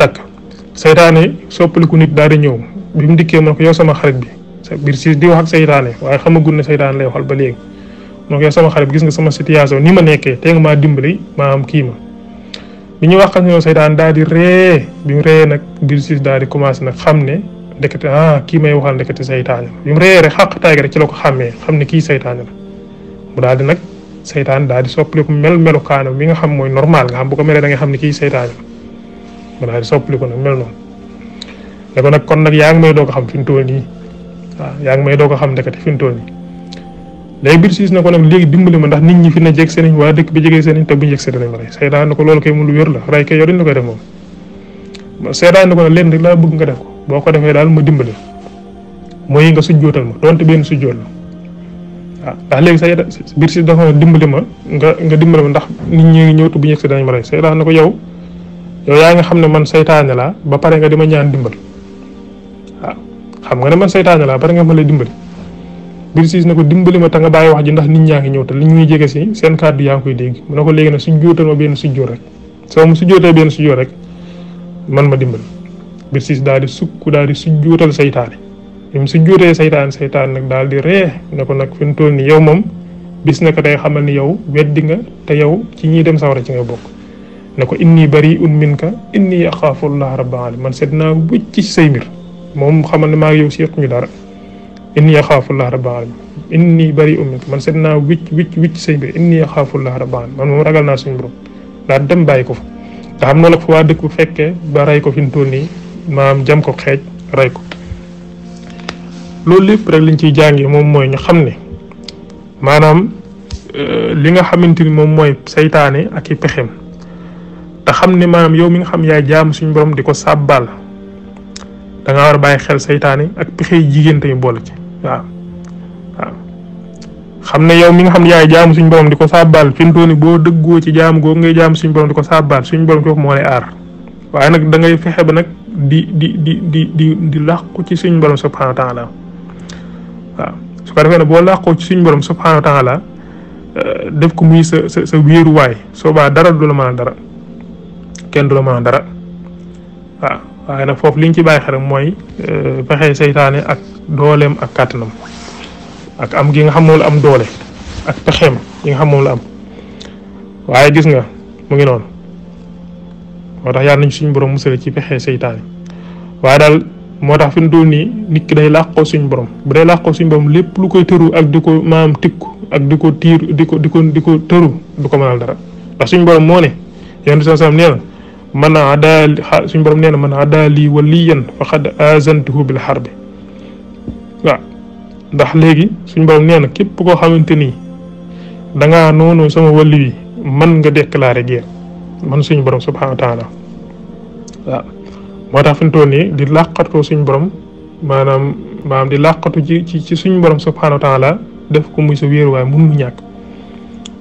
takk saytaane ku nit daal di ñëw bi mu dikkee mu ne ko yow sama xarit bi sa biir siis di wax ak saytaane waaye xamagul ne saytaane lay waxal ba léegi mu sama xarit bi gis nga sama situation ni ma nekkee tey maa dimbali maa kii ma bi wax xam ne saytaane daal di ree bi mu ree nag biir siis daal commencé nag xam ne ndekete ah kii may waxal ndekete saytaane la bi mu ree rek xàq ci la ko xàmmee xam ne kii saytaane la mu daal di nag saytaane daal di soppaliku mel melukaanam mi nga xam mooy normal nga xam bu ko melee da nga xam ne kii saytaane ma daal di soppaliku nag mel noonu ne ko nag kon nag yaa ngi may doog a xam fi mu toll nii waaw yaa ngi may doog a xam ndekete fi mu toll nii léegi bir siis na anu ko nag léegi dimbali ma anu ah, ndax nit ñi fi na jeg seen waa dëkk bi jege seen te bu ñu seen see danañ ma rey seetaan na ko loolu kay mu lu wér la ray kay yow dañ la koy def moom seetaan na ko nag leen rek laa bëgg nga def ko boo ko defee daal ma dimbali mooy nga sujjootal ma donte benn sujjoot la waaw ndax léegi say bir siis dafa dimbali ma nga nga dimbali ma ndax nit ñi ngi ñëw te bu ñu yegg dañu ma rey seetaan na ko yow yow yaa nga xam ne man seytaane laa ba pare nga di ma ñaan dimbal waaw xam nga ne man seytaane laa pare nga ma lay dimbali bir siis na ko dimbali ma ta nga bàyyi wax ji ndax nit ñaa ngi ñëw li ñuy jege si seen kàddu yaa ngi koy dégg mu ne ko léegi nag su jóotal ma benn sujjoo rek soo mu sujjootee benn sujjoo rek man ma dimbali bir siis daal di sukk daal di sujjootal seytaane mu sujjootee seytaane seytaane nag daal di ree ne ko nag fi mu ni yow moom bis na ko day xamal ni yow weddi nga te yow ci ñiy dem sawara ci nga bokk ne ko inni bari un min ka inni axaafullah man seet naa ci say moom xamal ne maa ngi yow si dara inni axaafullah rabbal alamin inni bari un man seet naa wëcc wëcc wëcc say mbir inni axaafullah rabbal alamin man ragal naa suñu borom daal dem bàyyi ko fa nga xam noonu la ko waa dëkk bu fekkee ba rey ko fi mu toll nii maam jam ko xeej rey ko loolu lépp rek liñ ciy jàngee moom mooy ñu xam ne maanaam euh, li nga xamante ni moom mooy seytaane ak i pexeem te xamne manam yow mi nga xam yaay jaam suñu borom di ko da nga war baye bàyyi xel saytaane ak pexey jigéen tamit bol ci waaw xamne yow mi nga xam yaay jaam suñu borom di ko sàbbaal fintooni boo dëggoo ci jaam go ngay jaam suñu borom di ko suñu borom ko mo lay ar waye nak da ngay fexé ba nak di di di di di di làqu ci suñu borom subhanahu wa taala waaw su ko defee bo boo làqoo ci suñu borom subhanahu wa taala eh, def ko muy sa sa sa wéeruwaay soobaa dara du la mëna dara kenn du la mën a dara waaw waaye nag foofu liñ ci bàyyi xel mooy euh, pexe seytaane ak dooleem ak kàttanam ak am gi nga xam moom la am doole ak pexeem gi nga xam moom la am waaye gis nga mu ngi noonu moo tax yàlla nañ suñu borom musale ci pexe seytaane waaye daal moo tax fi mu dul nii nit ki day làqoo suñu borom bu day làqoo suñu borom lépp lu koy tëru ak di ko maam tikku ak di ko tiir di ko di ko di ko tëru du ko mënal dara ndax suñu borom moo ne yonent sallallahu alayhi wasallam nee na man adal suñ borom neena man ada li waliyan faqad azantuhu bil harb wa ndax legi suñ borom neena kep ko xamanteni da nga nonu sama wali wi man nga déclarer guerre man suñ borom subhanahu wa ta'ala wa motax fin toni di laqatu suñ borom manam manam di laqatu ci ci suñ borom subhanahu wa ta'ala def ko muy sa wër way mënu ñak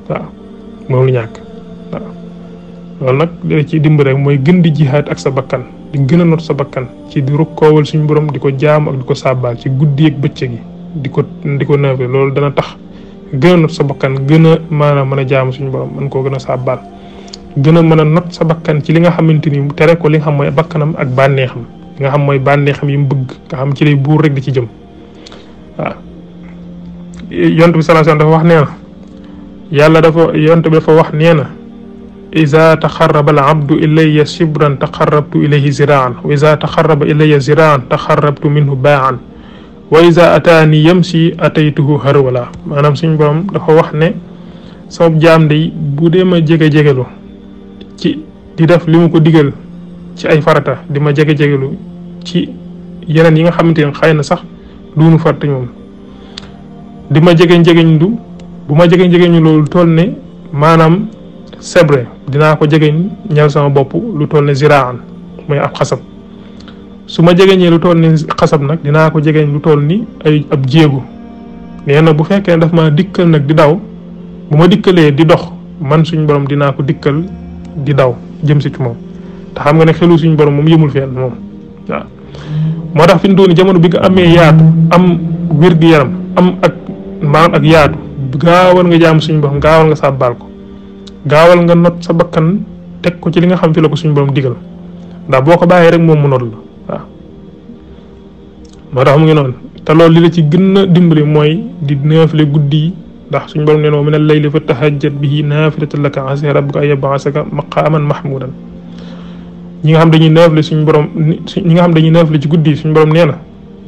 wa mënu ñak loolu nag ci ciy dimb rek mooy gën di jihaat ak sa bakkan di gën a not sa bakkan ci di rukkoowal suñu borom di ko jaamu ak di ko sàbbaal ci guddi ak bëccëg gi di ko di ko loolu dana tax gën a not sa bakkan gën a maanaam mën a jaamu suñu borom mën koo gën a sàbbaal gën a mën a not sa bakkan ci li nga xamante ni mu tere ko li nga xam mooy bakkanam ak bànneexam li nga xam mooy bànneexam yi mu bëgg nga xam ci lay buur rek di ci jëm waaw yont bi sallallahu dafa wax nee na dafa bi dafa wax nee na ida taxaraba al abdu ilaya shibran taxarabtu ilayhi ziraan wa ida taxaraba ilaya ziraan taxarabtu minhu baan wa ida ataani yamsi ataytuhu harwala maanaam suñ borom dafa wax ne sabab jaam day bu dee ma jege-jegelu ci di def li mu ko digal ci ay farata di ma jege-jegelu ci yeneen yi nga xamante ne xëy na sax duunu farata ñoom di ma jege-jegeñ du bu ma jege-jegeñu loolu toll ne maanaam sabre dinaa ko jegeñ ñeel sama bopp lu toll ne ziraan mooy ab xasab su ma jegeñee lu toll ni xasab nag dinaa ko jegeñ lu toll ni ay ab jéego nee na bu fekkee daf ma dikkal nag di daw bu ma dikkalee di dox man suñ borom dinaa ko dikkal di daw jëm si ci moom te xam nga ne xelu suñ borom moom yëmul fenn moom moo tax fi mu doon jamono bi nga amee yaatu am wér yaram am ak maanaam ak yaatu gaawal nga jaam suñ borom gaawal nga sàbbaal ko gawal nga not sa bakkan tek ko ci li nga xam fi la ko suñu borom digal da boko baye rek mom mu not la waaw moo tax mu ngi non ta lol li la ci gëna dimbali moy di naafile guddii ndax suñu borom neeno min al layli fa tahajjat bihi nafilatan laka asy ya rabbuka an yabasaka maqaman mahmudan ñi nga xam dañuy naafile suñu borom ñi nga xam dañuy naafile ci guddii suñu borom neena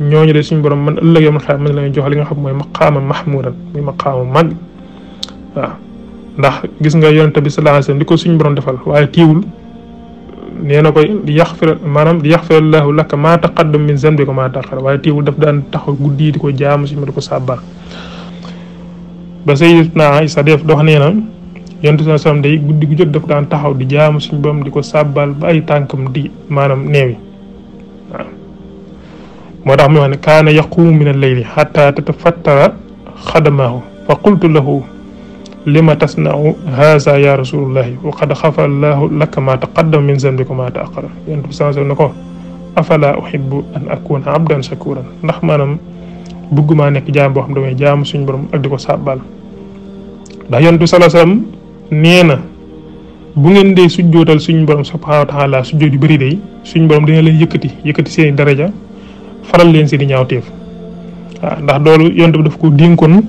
ñoñu de suñu borom man ëllëg yomal xel man la jox li nga xam moy maqaman mahmudan muy maqam mag waaw ndax gis nga yonent bi sallallahu alayhi wasallam li suñu borom defal waye tiwul neena koy di yakhfir manam di allah lak ma taqaddam min zambi ko ma taqara waye tiwul daf daan taxaw guddi diko di jaamu suñu diko ko ba sayyidna Isa def dox nee na sallallahu alayhi wasallam day guddi gu jot daf daan taxaw di jaamu suñu borom diko ko ba ay tankam di manam newi mo tax mi wax ne kaana yaqumu min al-layli hatta tatafattara khadamahu fa qultu lahu lima tasna'u haza ya rasulullah wa qad khafa allah lak ma taqaddama min zambika ma ta'akhkhara yent bi sallallahu alayhi afala uhibbu an akuna abdan shakuran ndax manam bëgguma nek jaam bo xam damay jaam suñu borom ak diko sabbal ndax yent bi sallallahu alayhi wasallam neena bu ngeen dee sujjootal suñu borom subhanahu wa ta'ala sujjoot day suñu borom dina leen yëkkati yëkkati seeni daraja faral leen si di ñaawteef waaw ndax loolu yonte bi daf ko dénkoon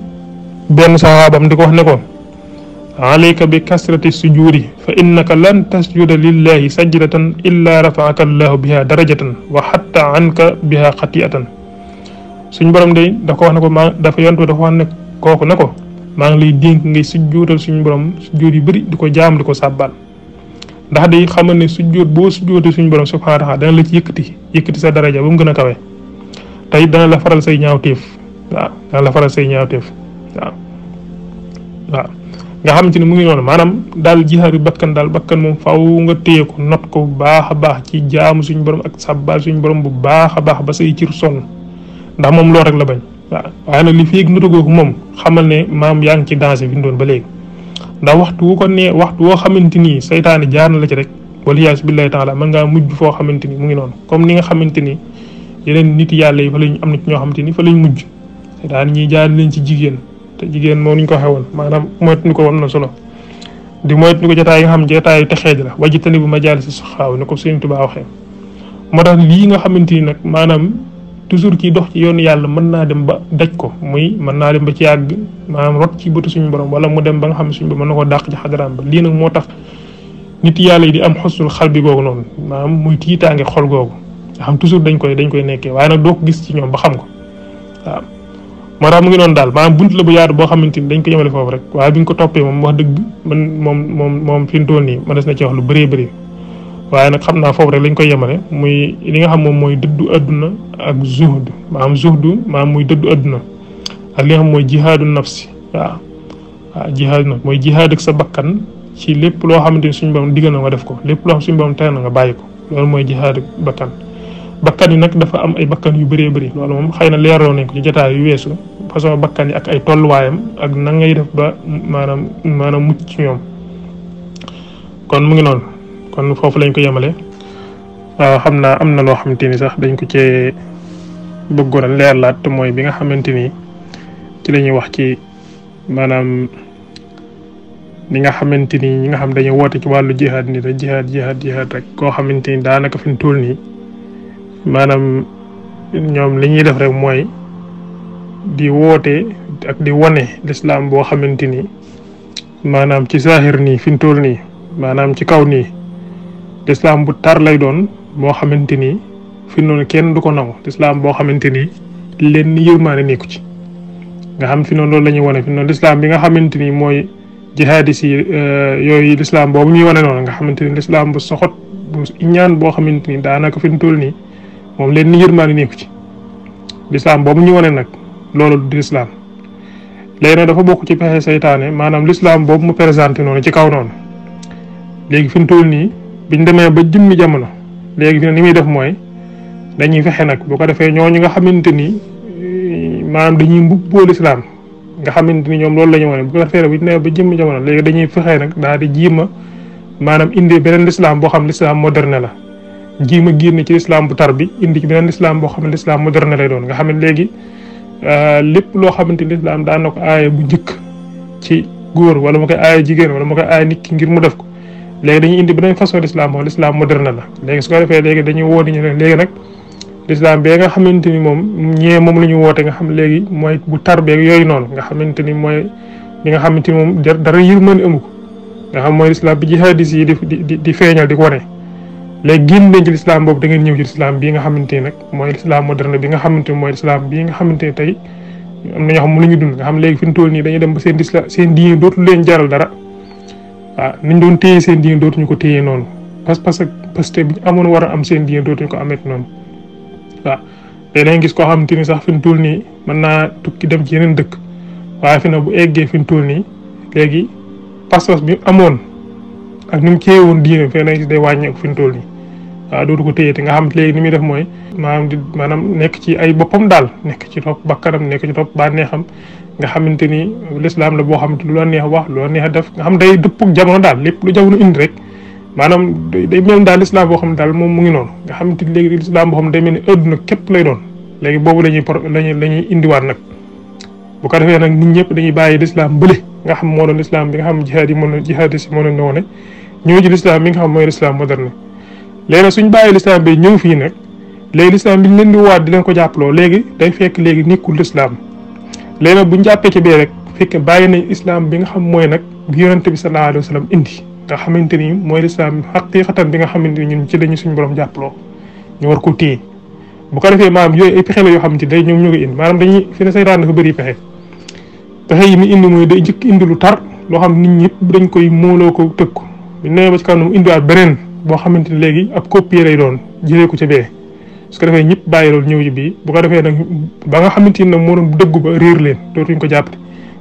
benn sahaabam di wax ne ko alayka bi kasrati sujudi fa innaka lan tasjuda lillahi sajdatan illa rafa'aka Allahu biha darajatan wa hatta 'anka biha khati'atan suñ borom de da ko wax nako da fa yontu da wax koku nako ma ngi lay denk ngay sujudal suñ borom sujudi bari diko jam diko sabbal ndax day xamane sujud bo sujudi suñ borom subhanahu wa ta'ala da la ci yekati yekati sa daraja bu gëna kawé tay da la faral say ñaawteef waaw da la faral say ñaawteef nga xamanteni mu ngi non manam dal jihadu bakkan dal bakkan mom faaw nga teye ko not ko bu baax ci jaamu suñ borom ak sabbal suñ borom bu baaxa baax ba sey ci son ndax mom lo rek la bañ waaye nag li fiig nutu googu mom xamal ne maam yaang ci danger bi ndon ba leg ndax waxtu wu ko ne waxtu wo xamanteni ni seytaane jaar na la ci rek wala yaas billahi taala man nga mujj fo xamanteni mu ngi non comme ni nga xamanteni yeneen nit yalla yi fa lañ am nit ño xamanteni fa lañ mujj ñi jaar leen ci jigen te jigéen moom ñu ko waxee woon maanaam moytuñu ko woon na solo di moytuñu ko jotaay yi nga xam jotaayu texee ji la wajitani bu ma jaal si xaaw ni ko Sëriñ Tuubaa waxee moo tax lii nga xamante ni nag maanaam toujours kii dox ci yoonu yàlla mën naa dem ba daj ko muy mën naa dem ba ci yàgg maanaam rot ci bëtu suñu borom wala mu dem ba xam ne suñu borom na ko dàq ci xadaraam ba lii nag moo tax nit yàlla yi di am xosnul xal bi googu noonu maanaam muy tiitaange xol googu nga xam toujours dañ koy dañ koy nekkee waaye nag doo ko gis ci ñoom ba xam ko waaw mara mu ngi noonu daal maanaam bunt la bu yaatu boo xamanteni dañ ko yemale foofu rek waaye bi ñu ko toppee moom wax dëgg man moom moom moom fi mu toll nii ma des na ci wax lu bëree bëri waaye nag xam naa foofu rek lañ koy yemale muy li nga xam moom mooy dëddu adduna ak zuhd maanaam zuhdu maanaam muy dëddu adduna ak li nga xam mooy jihaadu nafsi waaw waaw jihaadu nafsi mooy jihaad ak sa bakkan ci lépp loo xamante ni suñu borom diggal na nga def ko lépp loo xam suñu borom tere na nga bàyyi ko loolu mooy jihaad ak bakkan bakkani nak dafa am ay bakkan yu bëree bëri loolu mom xëy na nañ ko ci jotaay yu wessu façon bakkan yi ak ay tollu wayam ak na ngay def ba manam manam mucc ci ñom kon mu ngi non kon fofu lañ ko yemale ah, xam naa am na loo sax dañ ko ci bëggoon a leerlaat te mooy bi nga xamanteni ci la wax ci manam ni nga xamanteni ñi nga xam dañu wote ci walu jihad ni da jihad jihad jihad rek ko xamanteni da naka fiñ tool ni maanaam ñoom li ñuy def rek mooy di woote ak di wane lislaam boo xamante ni maanaam ci saaxir nii fi mu toll nii maanaam ci kaw nii lislaam bu tar lay doon boo xamante ni fi noonu kenn du ko nangu lislaam boo xamante ni lenn yërmaane nekku ci nga xam fi noonu loolu la ñuy wane fi noonu lislaam bi nga xamante ni mooy jihaadis yi euh, yooyu lislaam boobu ñuy wane noonu nga xamante ni lislaam bu soxot bu ñaan boo xamante ni daanaka fi mu toll nii moom leen ni yërmaande nekku ci lislaam boobu ñu wane nag loolu du lislaam léegi nag dafa bokk ci pexe seytaane maanaam lislaam boobu mu présenté noonu ci kaw noonu léegi fi mu toll nii biñ demee ba jëmmi jamono léegi fi ni muy def mooy dañuy fexe nag bu ko defee ñooñu nga xamante ni maanaam dañuy mbubboo lislaam nga xamante ni ñoom loolu la ñu wane bu ko defee nag biñ ba jëmmi jamono léegi dañuy fexe nag daal di jiima maanaam indi beneen lislaam boo xam lislaam moderne la jéem a génn ci lislaam bu tar bi indi ci beneen lislaam boo xam ne lislaam moderne lay doon nga xam ne léegi euh, lépp loo xamante ni lislaam daan na ko bu njëkk ci góor wala mu koy aaye jigéen wala mu koy aaye nit ki ngir mu def ko léegi dañuy indi beneen façon lislaam boo lislaam moderne la léegi su ko defee léegi dañuy woo ñu ne léegi nag lislaam bee nga xamante ni moom ñee moom la ñu woote nga xam léegi mooy bu tar beeg yooyu noonu nga xamante ni mooy li nga xamante ni moom dara yërmande amu ko nga xam mooy lislaam bi jihadis yi di di di feeñal di ko léegi génn nañ ci lislaam boobu da ngeen ñëw ci lislaam bii nga xamante ni nag mooy lislaam moderne bi nga xamante ni mooy lislaam bii nga xamante ni tey ne na ñoo mu lu ñu dund nga xam léegi fi mu toll nii dañuy dem ba seen islam seen diine dootul leen jaral dara waaw ah, niñ doon téye seen diine dootuñu ko téye noonu parce que parce que amoon war am seen diine dootuñu ko amet noonu waaw ah, léeg gis koo xamante ni sax fi mu toll nii mën naa tukki dem ci yeneen dëkk waaye fi na bu eggee fi mu toll nii léegi pas bi amoon ak ni mu cee woon diine fee na gis day wàññeeku fi nii Ah, dootu ko téye te nga xam léegi ni muy def mooy maanaam di maanaam nekk ay boppam daal nekk ci nekk ci topp bànneexam nga xamante ni lislaam la boo xamante lu la neex wax lu la neex def nga xam day dëpp jamono daal lépp lu jamono indi rek maanaam day mel daal lislaam boo xam daal moom mu ngi noonu nga xamante ni léegi lislaam boo xam ne day mel ni àdduna képp lay doon léegi boobu la ñuy lañuy la ñuy indiwaat nag bu ko defee lislaam bële nga xam moo doon lislaam bi nga xam jihaad yi moo doon jihaad si moo doon noone ñëw ci lislaam bi nga xam mooy lislaam moderne léegi nag suñ bàyyi lislaam bi ñëw fii nag léegi lislaam bi ñu leen di waat di leen ko jàppaloo léegi day fekk léegi nekkul lislaam léegi nag bu ñu jàppee ci bee rek fekk bàyyi ne islam bi nga xam mooy nag bi yonente bi sallallahu alayhi wa sallam nga xamante ni mooy lislaam xaqiqatan bi nga xamante ni ñun ci lañu suñu borom jàppaloo ñu war ko téye bu ko defee maam yooyu ay pexe la yoo xamante day ñoom ñoo ko indi maanaam dañuy fi ne saytaan dafa bëri pexe pexe yi mu indi mooy day jëkk indi lu tar loo xam nit ñëpp dañ koy mooloo ko tëkk bu ñu nee ba ci beneen boo xamante ni léegi ab copier lay doon jëlee ko ca be su ko defee ñëpp bàyyi loolu ñëw ji bii bu ko defee nag ba nga xamante ni nag moo doon dëggu ba réer leen dootuñ ko jàppale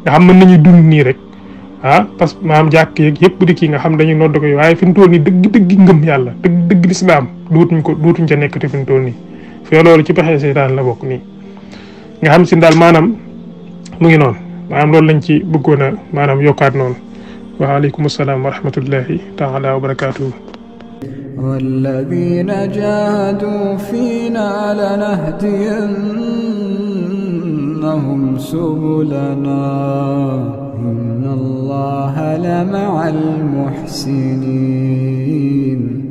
nga xam mën nañu dund nii rek ah parce que maanaam jàkk yeeg yëpp di kii nga xam dañuy nodd ko yi waaye fi mu toll nii dëgg dëgg ngëm yàlla dëgg dëgg lislaam dootuñ ko dootuñ ca nekk te fi mu toll nii fee loolu ci pexe seytaan la bokk nii nga xam si daal maanaam mu ngi noonu maanaam loolu lañ ci bëggoon a maanaam yokkaat noonu waaleykum salaam wa rahmatullahi taala wa barakaatuhu والذين جاهدوا فينا لنهدينهم سبلنا إن الله لمع المحسنين